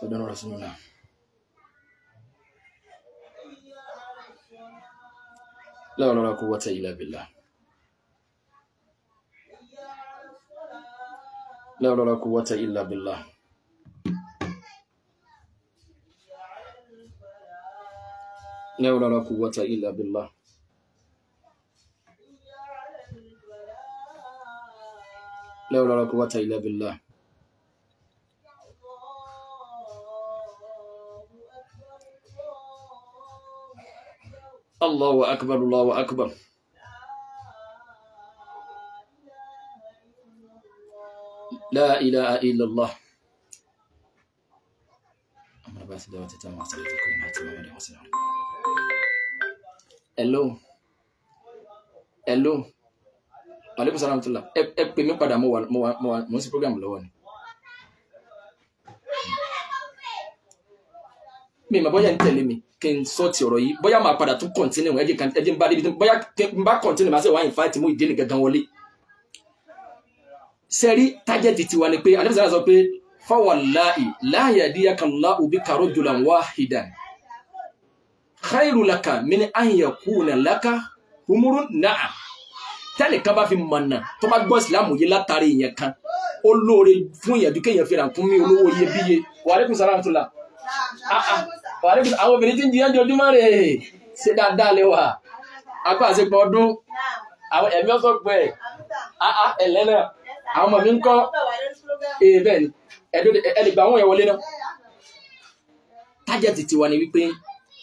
صلى الله على رسول الله لا ولا قوة إلا بالله لا ولا قوة إلا بالله لا ولا لا قوة إلا بالله لا ولا لا قوة إلا بالله الله أكبر الله أكبر لا إله إلا الله أمر بأس دعوة تتم وصلاة الكلمات ومن وسلم hello hello maaleykum salaam tula ẹ ẹ pè mí padà mo wà mo wà mo wà mo ń ṣe program lọ́wọ́ ni. mi ma bóyá ń tẹ̀lé mi kí n sọ ti ọ̀rọ̀ yìí bóyá máa padà tún kọ̀ntínú ẹ jẹ́ kan ẹ jẹ́ n bá débi tó bóyá n bá kọ̀ntínú máa ṣe wá ìfáàtì mú ìdí nìkan gan wọlé. sẹ́rí tájẹ́tì tiwa ni pé alẹ́ fi sọ́ra sọ pé fáwọn láàyè láàyè àdíyà kan láàbù bí kàró jùlọ wáhìdàn khairu laka min an yakuna laka umurun na'am tẹ́lẹ̀ kan bá fi mọ̀nà tó bá gbọ́ ìsìlámù yìí látàrí ìyẹn kan ó lóore fún ìyẹ̀dú kéèyàn fi ràn kún mí olówó iyebíye Ah, sàrámù tó la wàhálẹ́kùn àwọn obìnrin tí ń jiyàn di ojúmọ́ rẹ̀ ṣe dáadáa lè wà apá àṣepọ̀ ọdún àwọn ẹ̀mí ọ̀sọ̀ pẹ̀ ah, ah, ẹ̀lẹ́ náà àwọn ọmọ mi ń kọ́ eh, bẹ́ẹ̀ ni ẹ̀dọ́dẹ̀ ẹ̀lẹ́gbà àwọn ìwọlé náà tájẹ̀tì tiwa ni wípé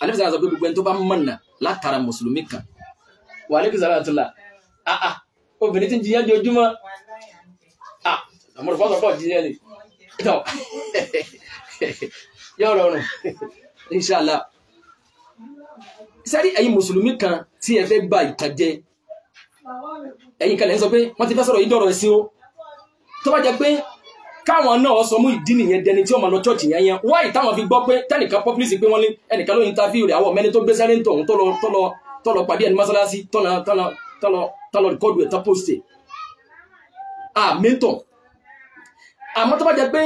alẹ́ bisala sọ pé gbogbo ẹni tó bá mọ̀nà látara mùsùlùmí kan wà alẹ́ bisala tó la àà obìnrin ti jiyàn jojúmọ́ à ah, àmọ́ràn fọ́sọ̀ pọ̀ jiyàn ni yóò rọrùn Inshallah. sẹ́rí ẹ̀yin mùsùlùmí kan tí ẹ fẹ́ gba ìtàjẹ ẹ̀yin kan lẹ́yìn sọ pé wọ́n ti fẹ́ sọ̀rọ̀ yìí dọ̀rọ̀ ẹ̀sìn o tó bá jẹ́ pé káwọn náà sọ mú ìdí nìyẹn dẹni tí ọmọ lọ chọọchì yẹn yẹn wáyé táwọn fi gbọ́ pé tẹnìkan populist pé wọn ní ẹnìkan ló ń interview rẹ̀ àwọn ọmọ ẹni tó gbé sẹ́lẹ̀ ń tọ̀ ń tọ́lọ tọ́lọ tọ́lọ pàdé ẹni mọ́sálásí tọ́lọ tọ́lọ tọ́lọ tọ́lọ rìkọ́dù ẹ̀ tọ́pọ̀sì àmẹ́tọ̀ àmọ́ tó bá jẹ pé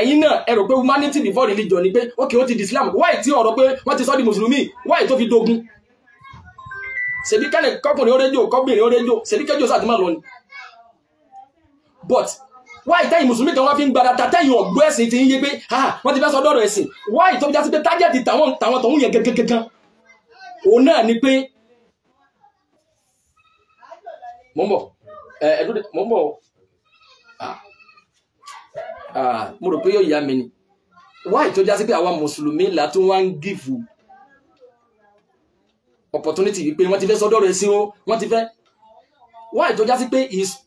ẹ̀yin náà ẹ rò pé humanity before religion ni pé okay ó ti di Islam wáyé tí ọ̀rọ̀ pé wọ́n ti sọ́ di mùsùlùmí wáyé tó fi dogun ṣèbí kẹ́lẹ̀ kọkùnrin ó rédíò kọ́bìnrin ó rédíò ṣèbí kẹjọ sáà but why tẹ́yìn mùsùlùmí kan wá fi ń gbada ta tẹ́yìn ọ̀gbọ́ ẹ̀sìn ti ń yé pé ha wọ́n ti fẹ́ sọ dọ́dọ̀ ẹ̀sìn why tó fi jásí pé tájẹ́ẹ̀tì tàwọn tàwọn tòun yẹn gẹ́gẹ́gẹ́gán òun náà ni pé mo ń bọ̀ ẹ ẹ dúdú mo ń bọ̀ mo rò pé yóò yá mi ni why tó jásí pé àwa mùsùlùmí là tún wá ń gífù opportunity wípé wọ́n ti fẹ́ sọ dọ́dọ̀ ẹ̀sìn o wọ́n ti fẹ́ wá ìtọ́já sí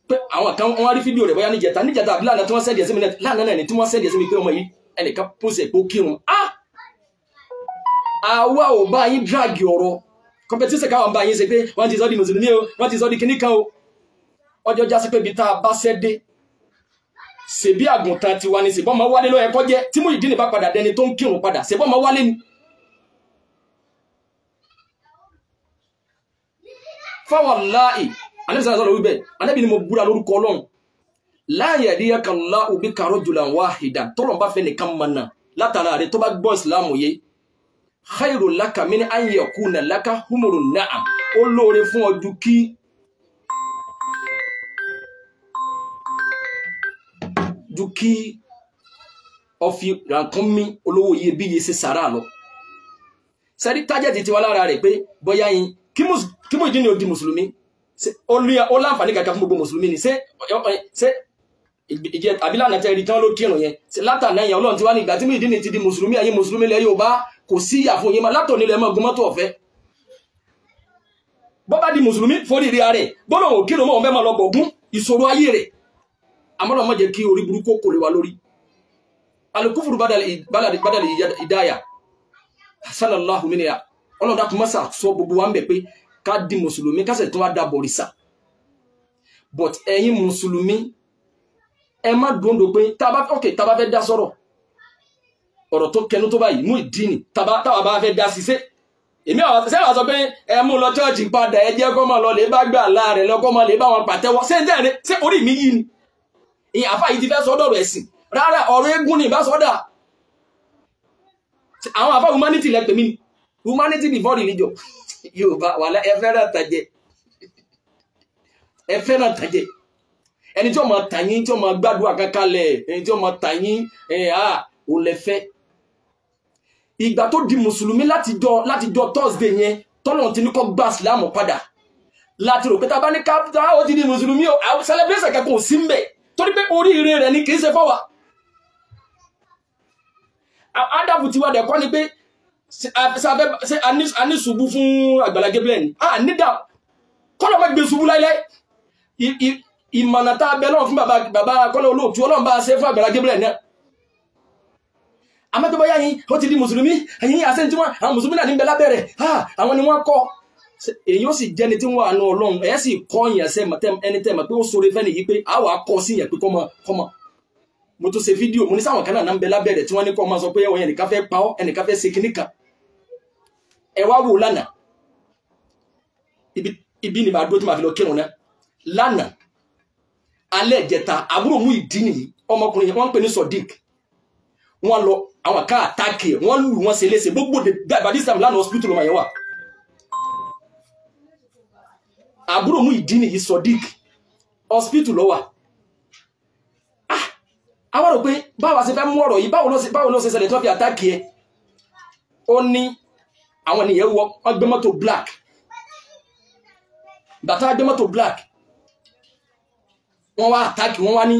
pé àwọn kan wọ́n rí fídíò rẹ̀ bóyá níjẹta níjẹta àbí lánàá tí wọ́n sẹ́ẹ̀dì ẹ̀sìn mi lánàá náà ni tí wọ́n sẹ́ẹ̀dì ẹ̀sìn mi pé ọmọ yìí ẹnìkan pọ́sẹ̀ pé ó kírun á ah! àwa ò bá yín dragi ọ̀rọ̀ competition káwọn bá yín ṣe pé wọ́n ti sọ́ di mùsùlùmí o wọ́n ti sọ́ di kíníkan o ọjọ́ já sí pé ibi tá a bá sẹ́dé ṣèbí àgùntàn ti wá ní ṣèbọ́n máa wálé lọ́yẹ kọ́jẹ́ tí mú ìdí nìbá padà dẹni tó ń kírun padà ṣèbọ́n máa wálé ni. fọwọ́ láì anabi sàn sọ̀rọ̀ wíbẹ̀ anabi ni mo búra lórúkọ ọlọ́run láàyè àdíyà kan lá òbí karọ́ jùlọ àwọn àhìdá tọ́lọ̀ bá fẹ́ nìkan mọ̀ náà látara rẹ̀ tó bá gbọ́ ìsìlámù yé khairu laka mini an yakuna laka humuru na'am ó lóore fún ọ ju kí ju kí ọfi rànkún mi olówó iye bí iye ṣe sàrà lọ sẹ́rí tájẹ̀tì tiwa lára rẹ̀ pé bóyá yín kí mùsùlùmí ò di mùsùlùmí ó láǹfààní kankan fún gbogbo mùsùlùmí ni ṣé ìjẹ àbí lánàá tẹ́ rí tán ló kírun yẹn látàná yẹn ọlọ́run ti wá ní ìgbà tí mú ìdí ni ti di mùsùlùmí ayé mùsùlùmí lẹ yóò kò sí ìyà fún yín mọ́ látọ̀ nílẹ̀ ogun mọ́tò ọ̀fẹ́ bọ́ bá di mùsùlùmí forí rí ara ẹ̀ gbọ́dọ̀ ò kírun mọ́ òun fẹ́ máa lọ gbọ̀gún ìṣòro ayé rẹ̀ àmọ́dọ̀ mọ́ jẹ́ kí orí burúkú kò lè wá lórí alukufuru bádàlì ìdáyà sallallahu minna ọlọ́run dákun mọ́sà sọ gbogbo wa ń bẹ̀ pé ká di mùsùlùmí ká sì tún wá da bọ̀rìṣà but ẹ̀yin mùsùlùmí ẹ má dúndò pé tábà ok tábà fẹ́ dá sọ̀rọ̀ ọ̀rọ̀ tó kẹnu tó báyìí mú ìdí ni tábà táwa bá fẹ́ dá sí sé èmi àwọn sẹ́wà sọ pé ẹ mú lọ chọ́ọ̀chì padà ẹ jẹ́ kó máa lọ lè bá gbà láàrẹ̀ lọ kó máa lè bá wọn pàtẹ́wọ́ ṣé ń tẹ̀lé ṣé orí mi yìí ni ìyẹn àfa yìí ti fẹ́ sọ́dọ̀ rẹ̀ sìn rárá ọ̀rọ̀ eégún ni ìbá sọ́dà àwọn àfa humanity lẹ pè ni humanity before religion yorùbá wàhálà ẹ fẹ́ràn tàjẹ́ ẹ fẹ́ràn tàjẹ́ ẹni tí ó máa tà yín tí ó máa gbàdúrà kankanlẹ̀ ẹni tí ó máa tà yín ẹ̀ á ò lẹ ìgbà tó di mùsùlùmí láti jọ láti jọ thursday yẹn tọ́lọ́run ti ní kó gba islam padà láti rò pé tá a bá ní kápítà ó ti di mùsùlùmí o àwọn celebration kankan ò sí ń bẹ̀ torí pé oríire rẹ̀ ni kì í ṣe fọ́wà. adábù tiwa dẹ̀ kọ́ ni pé ṣe a ní ṣubú fún Àgbàlá Gabriel ni a nídà kọ́lọ́ má gbé ṣubú láíláí ìmọ̀nà tá a bẹ lọ́rùn fún bàbá kọ́lọ́ olóòtú ọlọ́run bá a ṣe fún Àgbàlá Gabriel náà àmọ́ tó bọ́yá yín ó ti di mùsùlùmí ẹ̀yin àṣẹ́ntí wọn àwọn mùsùlùmí náà ní bẹ̀lá bẹ̀rẹ̀ àwọn ni wọ́n kọ́ èyí ó sì jẹ́ni tí wọ́n àánú ọlọ́run ẹ̀ sì kọ́ yẹn ẹ̀sẹ̀ ẹni tẹ̀ mọ̀ pé ó sọ̀rọ̀ fẹ́ni yìí pé àwọn akọ́ sí yẹn pé kọ́mọ kọ́mọ mo tún ṣe fídíò mo ní sáwọn kan náà náà ń bẹ lábẹ́rẹ̀ tí wọ́n ní kọ́ máa sọ pé ẹ̀wọ̀n ẹnìkan fẹ́ pa ọ́ ẹnìkan fẹ́ ṣe kinní ẹ wá wò lánàá ibi ni màá dúró tí màá fi lọ kírun náà lánàá alẹ́ ìjẹta àbúrò mú ìdí nìyí ọmọkùnrin yẹn wọ́n ń pè ní sodiq wọ́n lọ àwọn ká àtàkì e, wọ́n lù wọ́n ṣe léṣe gbogbo ìbàdí sam lánàá hospital ọmọ yẹn wà àbúrò mú ìdí nìyí sodiq hospital lọ wà àwọn rò pé báwa ṣe fẹ́ mú ọ̀rọ̀ yìí báwo ló ṣe ṣẹlẹ̀ tó fi àtàkì ẹ ó ní àwọn ènìyàn wọ ọgbẹ mọ́tò black bàtà ọgbẹ mọ́tò black wọ́n wá àtàkì wọ́n wá ní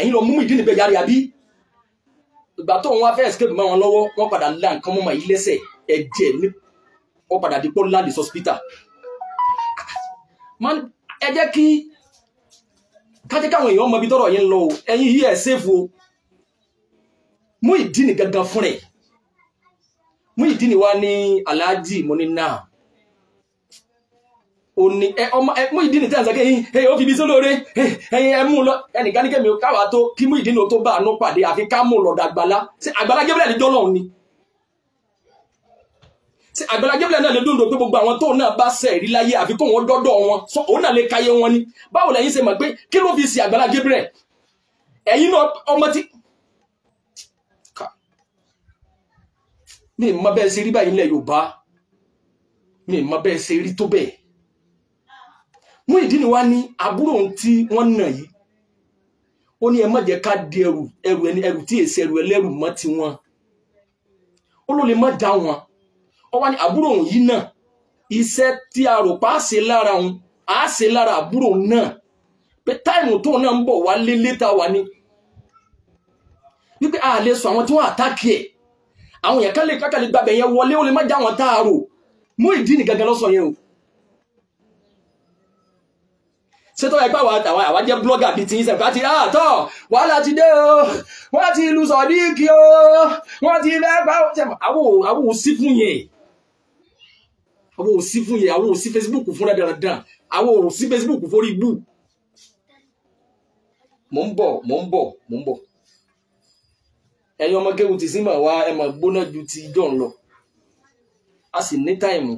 ẹ̀yin lọ mú mi dín ìbẹ̀yà rẹ̀ àbí ìgbà tó wọn wá fẹ́ escape mọ́ wọn lọ́wọ́ wọ́n padà lá nǹkan mọ́mọ́ yìí lẹ́sẹ̀ ẹ̀jẹ̀ ní wọ́n padà dípò láàdì hospital ah, ẹ jẹ́ kí kájẹ́ káwọn èèyàn mọ ibi tọ́rọ̀ yìí ń lọ o ẹ̀yin yìí ẹ̀ ṣèfù o Muyideen gangan fún rẹ̀ Muyideen wa ní aláàjì mo ní náà ó ní ẹ ọmọ ẹ Muyideen tẹ́ ẹ̀ sọ́kẹ́ yín ẹ ó fi ibi sólóore ẹyin ẹ mú lọ ẹnìkan ní kẹ́mi káwa tó kí Muyideen tó bá àánú pàdé àfi ká mú un lọ́dọ̀ àgbàlá àgbàlá Gabriel jọ́ lọ́hùn ni ṣe Àgbàlá Gabriel náà lè dúndò pé gbogbo àwọn tóun náà bá ṣẹ̀ rí láyé àfi kó wọn dọ́dọ̀ wọn sọ òun náà lè káyé wọn ni báwo lẹ́yìn ṣe mọ̀ pé kí ló fi ṣe Àgbàlá Gabriel ẹ̀yin náà ọmọ tí. mi mọ bẹ́ẹ̀ ṣe rí báyìí ilẹ̀ Yorùbá mi mọ bẹ́ẹ̀ ṣe rí tó bẹ́ẹ̀ mú ìdí ni wá ní àbúrò tí wọ́n nà yìí ó ní ẹ má jẹ́ ká di ẹrù ẹrù ẹni ẹrù tí èsì ẹrù ẹlẹ́rù mọ́ tiwọn ó ló lè má dá wọn ó wá ní àbúrò òun yìí náà iṣẹ́ tí a rò pa á ṣe lára òun á ṣe lára àbúrò náà pé táìmù tó náà ń bọ̀ wá lé létà wá ní wípé a lè sọ àwọn tí wọ́n àtàkì ẹ̀ àwọn èèyàn kan lè kákàlè gbàgbẹ̀ yẹn wọlé ó lè má já wọn tá a rò mú ìdí nì gangan lọ́sọ̀ yẹn o ṣètò ẹgbẹ́ àwọn àtàwọn àwọn jẹ́ blọ́gà bíi ti ń sẹ̀fẹ́ àti àtọ̀ wàhálà ti dé o wọ́n ti lu sọ̀díìkì o wọ́n ti lẹ́gbàá àwọn òsì fún yẹn àwọn ò sí fún yẹ àwọn ò sí Facebook fún dáadáa àwọn ò sí Facebook forí ibú mò ń bọ̀ mò ń bọ̀ mò ń bọ̀ ẹ̀yin ọmọ ti sí màá wá máa gbóná ju ti John lọ a sì ní táìmù.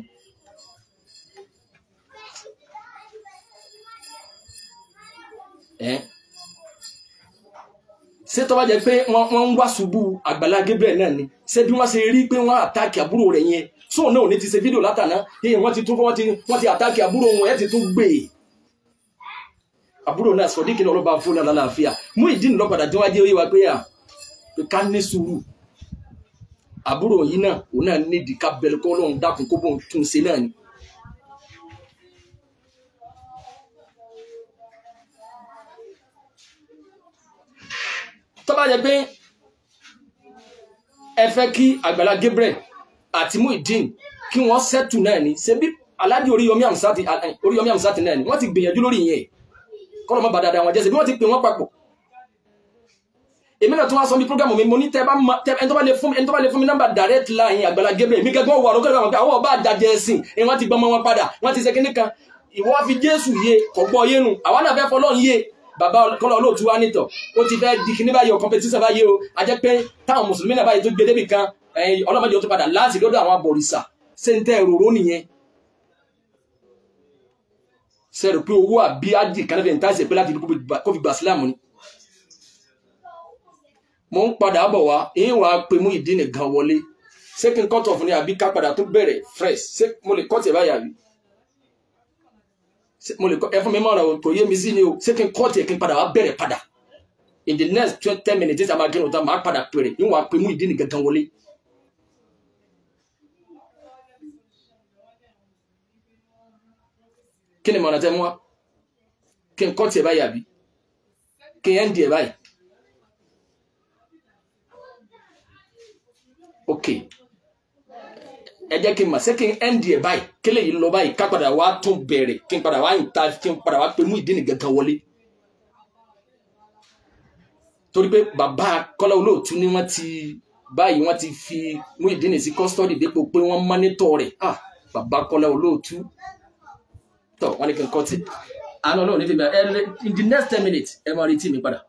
ṣé tó bá jẹ́ pé wọ́n ń wá ṣubú àgbàlá Gabriel náà ni ṣé bí wọ́n ṣe rí pé wọ́n àtàkì àbúrò rẹ̀ yẹn sóun náà ò ní ti ṣe fídíò látàná wọ́n ti tún wọ́n ti wọ́n ti àtàkì àbúrò wọn ẹ̀ ti tún gbé e àbúrò náà sọ̀dí kìnìún ọlọ́ba fún lọ́la láàfíà mú ìdí nìlọ́padà tí wọ́n jẹ́ yíwa pé à ká ní sùúrù àbúrò yìí náà òun náà nídìí ká bẹ̀rẹ̀ kọ́ lọ́hún dákun kó bóun tún ṣe náà ni. tọ́ba jẹ́ pé ẹ fẹ́ kí Àgbàlá Gabriel àti Muideen kí wọ́n sẹ́tù náà ni ṣebí aláàjì Oríyọmí Hamzat eh, Oríyọmí Hamzat náà ni wọ́n ti gbìyànjú lórí ìyẹn kọ́nà má ba dáadáa wọn jẹ́ ṣebí wọ́n ti pè wọ́n papọ̀ èmi náà tó wá sọ bí programu mi mo ní tẹ bá ma tẹ ẹni tó bá lè fún ẹni tó bá lè fún mi nọ́mbà direct line Àgbàlá Gabriel mi gẹ́gẹ́ wà lókè lọ́wọ́ àwọn ọba àdàjẹ ẹ̀sìn ni wọ́n ti gbọmọ wọn padà wọ́n ti ṣe kíní kan fi Jésù yé kọ̀gbọ́ yé nu àwa náà fẹ́ fọlọ́ yé bàbá kọ́lọ́ olóòtú wa nítọ̀ ó ti fẹ́ di kíní báyìí ọ̀ competition báyìí o a táwọn mùsùlùmí náà báyìí tó gbé débì kan ọlọ́mọdé ó tún padà láti lọ́dọ̀ àwọn abọ̀rìṣà ṣé ń tẹ́ ìroró nìyẹn sẹ́rù pé owó àbí ájì kan lẹ́fẹ̀ẹ́ ń tàṣẹ pé láti kó fi gbà sílámù ni. mo ń padà bọ̀ wá èyí wàá pe mú ìdí nìkan wọlé ṣé kí n cut off ni àbí ká padà tún bẹ̀rẹ̀ fresh ṣé mo lè cut ẹ̀ báyà rí mo lè ẹ fún mi mọ́ra o kò yé mi sí ni o ṣé kí n cut ẹ̀ kí n padà wá bẹ̀rẹ̀ padà in the next twenty minutes àmà kí n ò tán màá padà pèrè ìwọ̀n àpè mú ìdí nìkan wọlé. kí ni mọ̀nà tẹ́ mú wa kí n kọ́ tiẹ̀ báyìí àbí kí n yẹn ń di ẹ̀ báyìí. ok ẹ jẹ́ kí n mọ̀ ṣé kí n ẹ̀ ń di ẹ̀ báyìí kí lè yí lọ báyìí ká padà wá tún bẹ̀rẹ̀ kí n padà wá ń ta kí n padà wá pé mú ìdí nìkan kan wọlé. torí pé bàbá kọ́lá olóòtú ni wọ́n ti báyìí wọ́n ti fi mú ìdí nìsí kọ́sítọ́dì dépò pé wọ́n mọ́nítọ̀ rẹ̀ ah bàbá kọ́lá olóòtú tọ̀ wọ́n ní kí n kọ́ tì àánú ọlọ́run ní fi in the next ten minutes ẹ máa retí mi padà.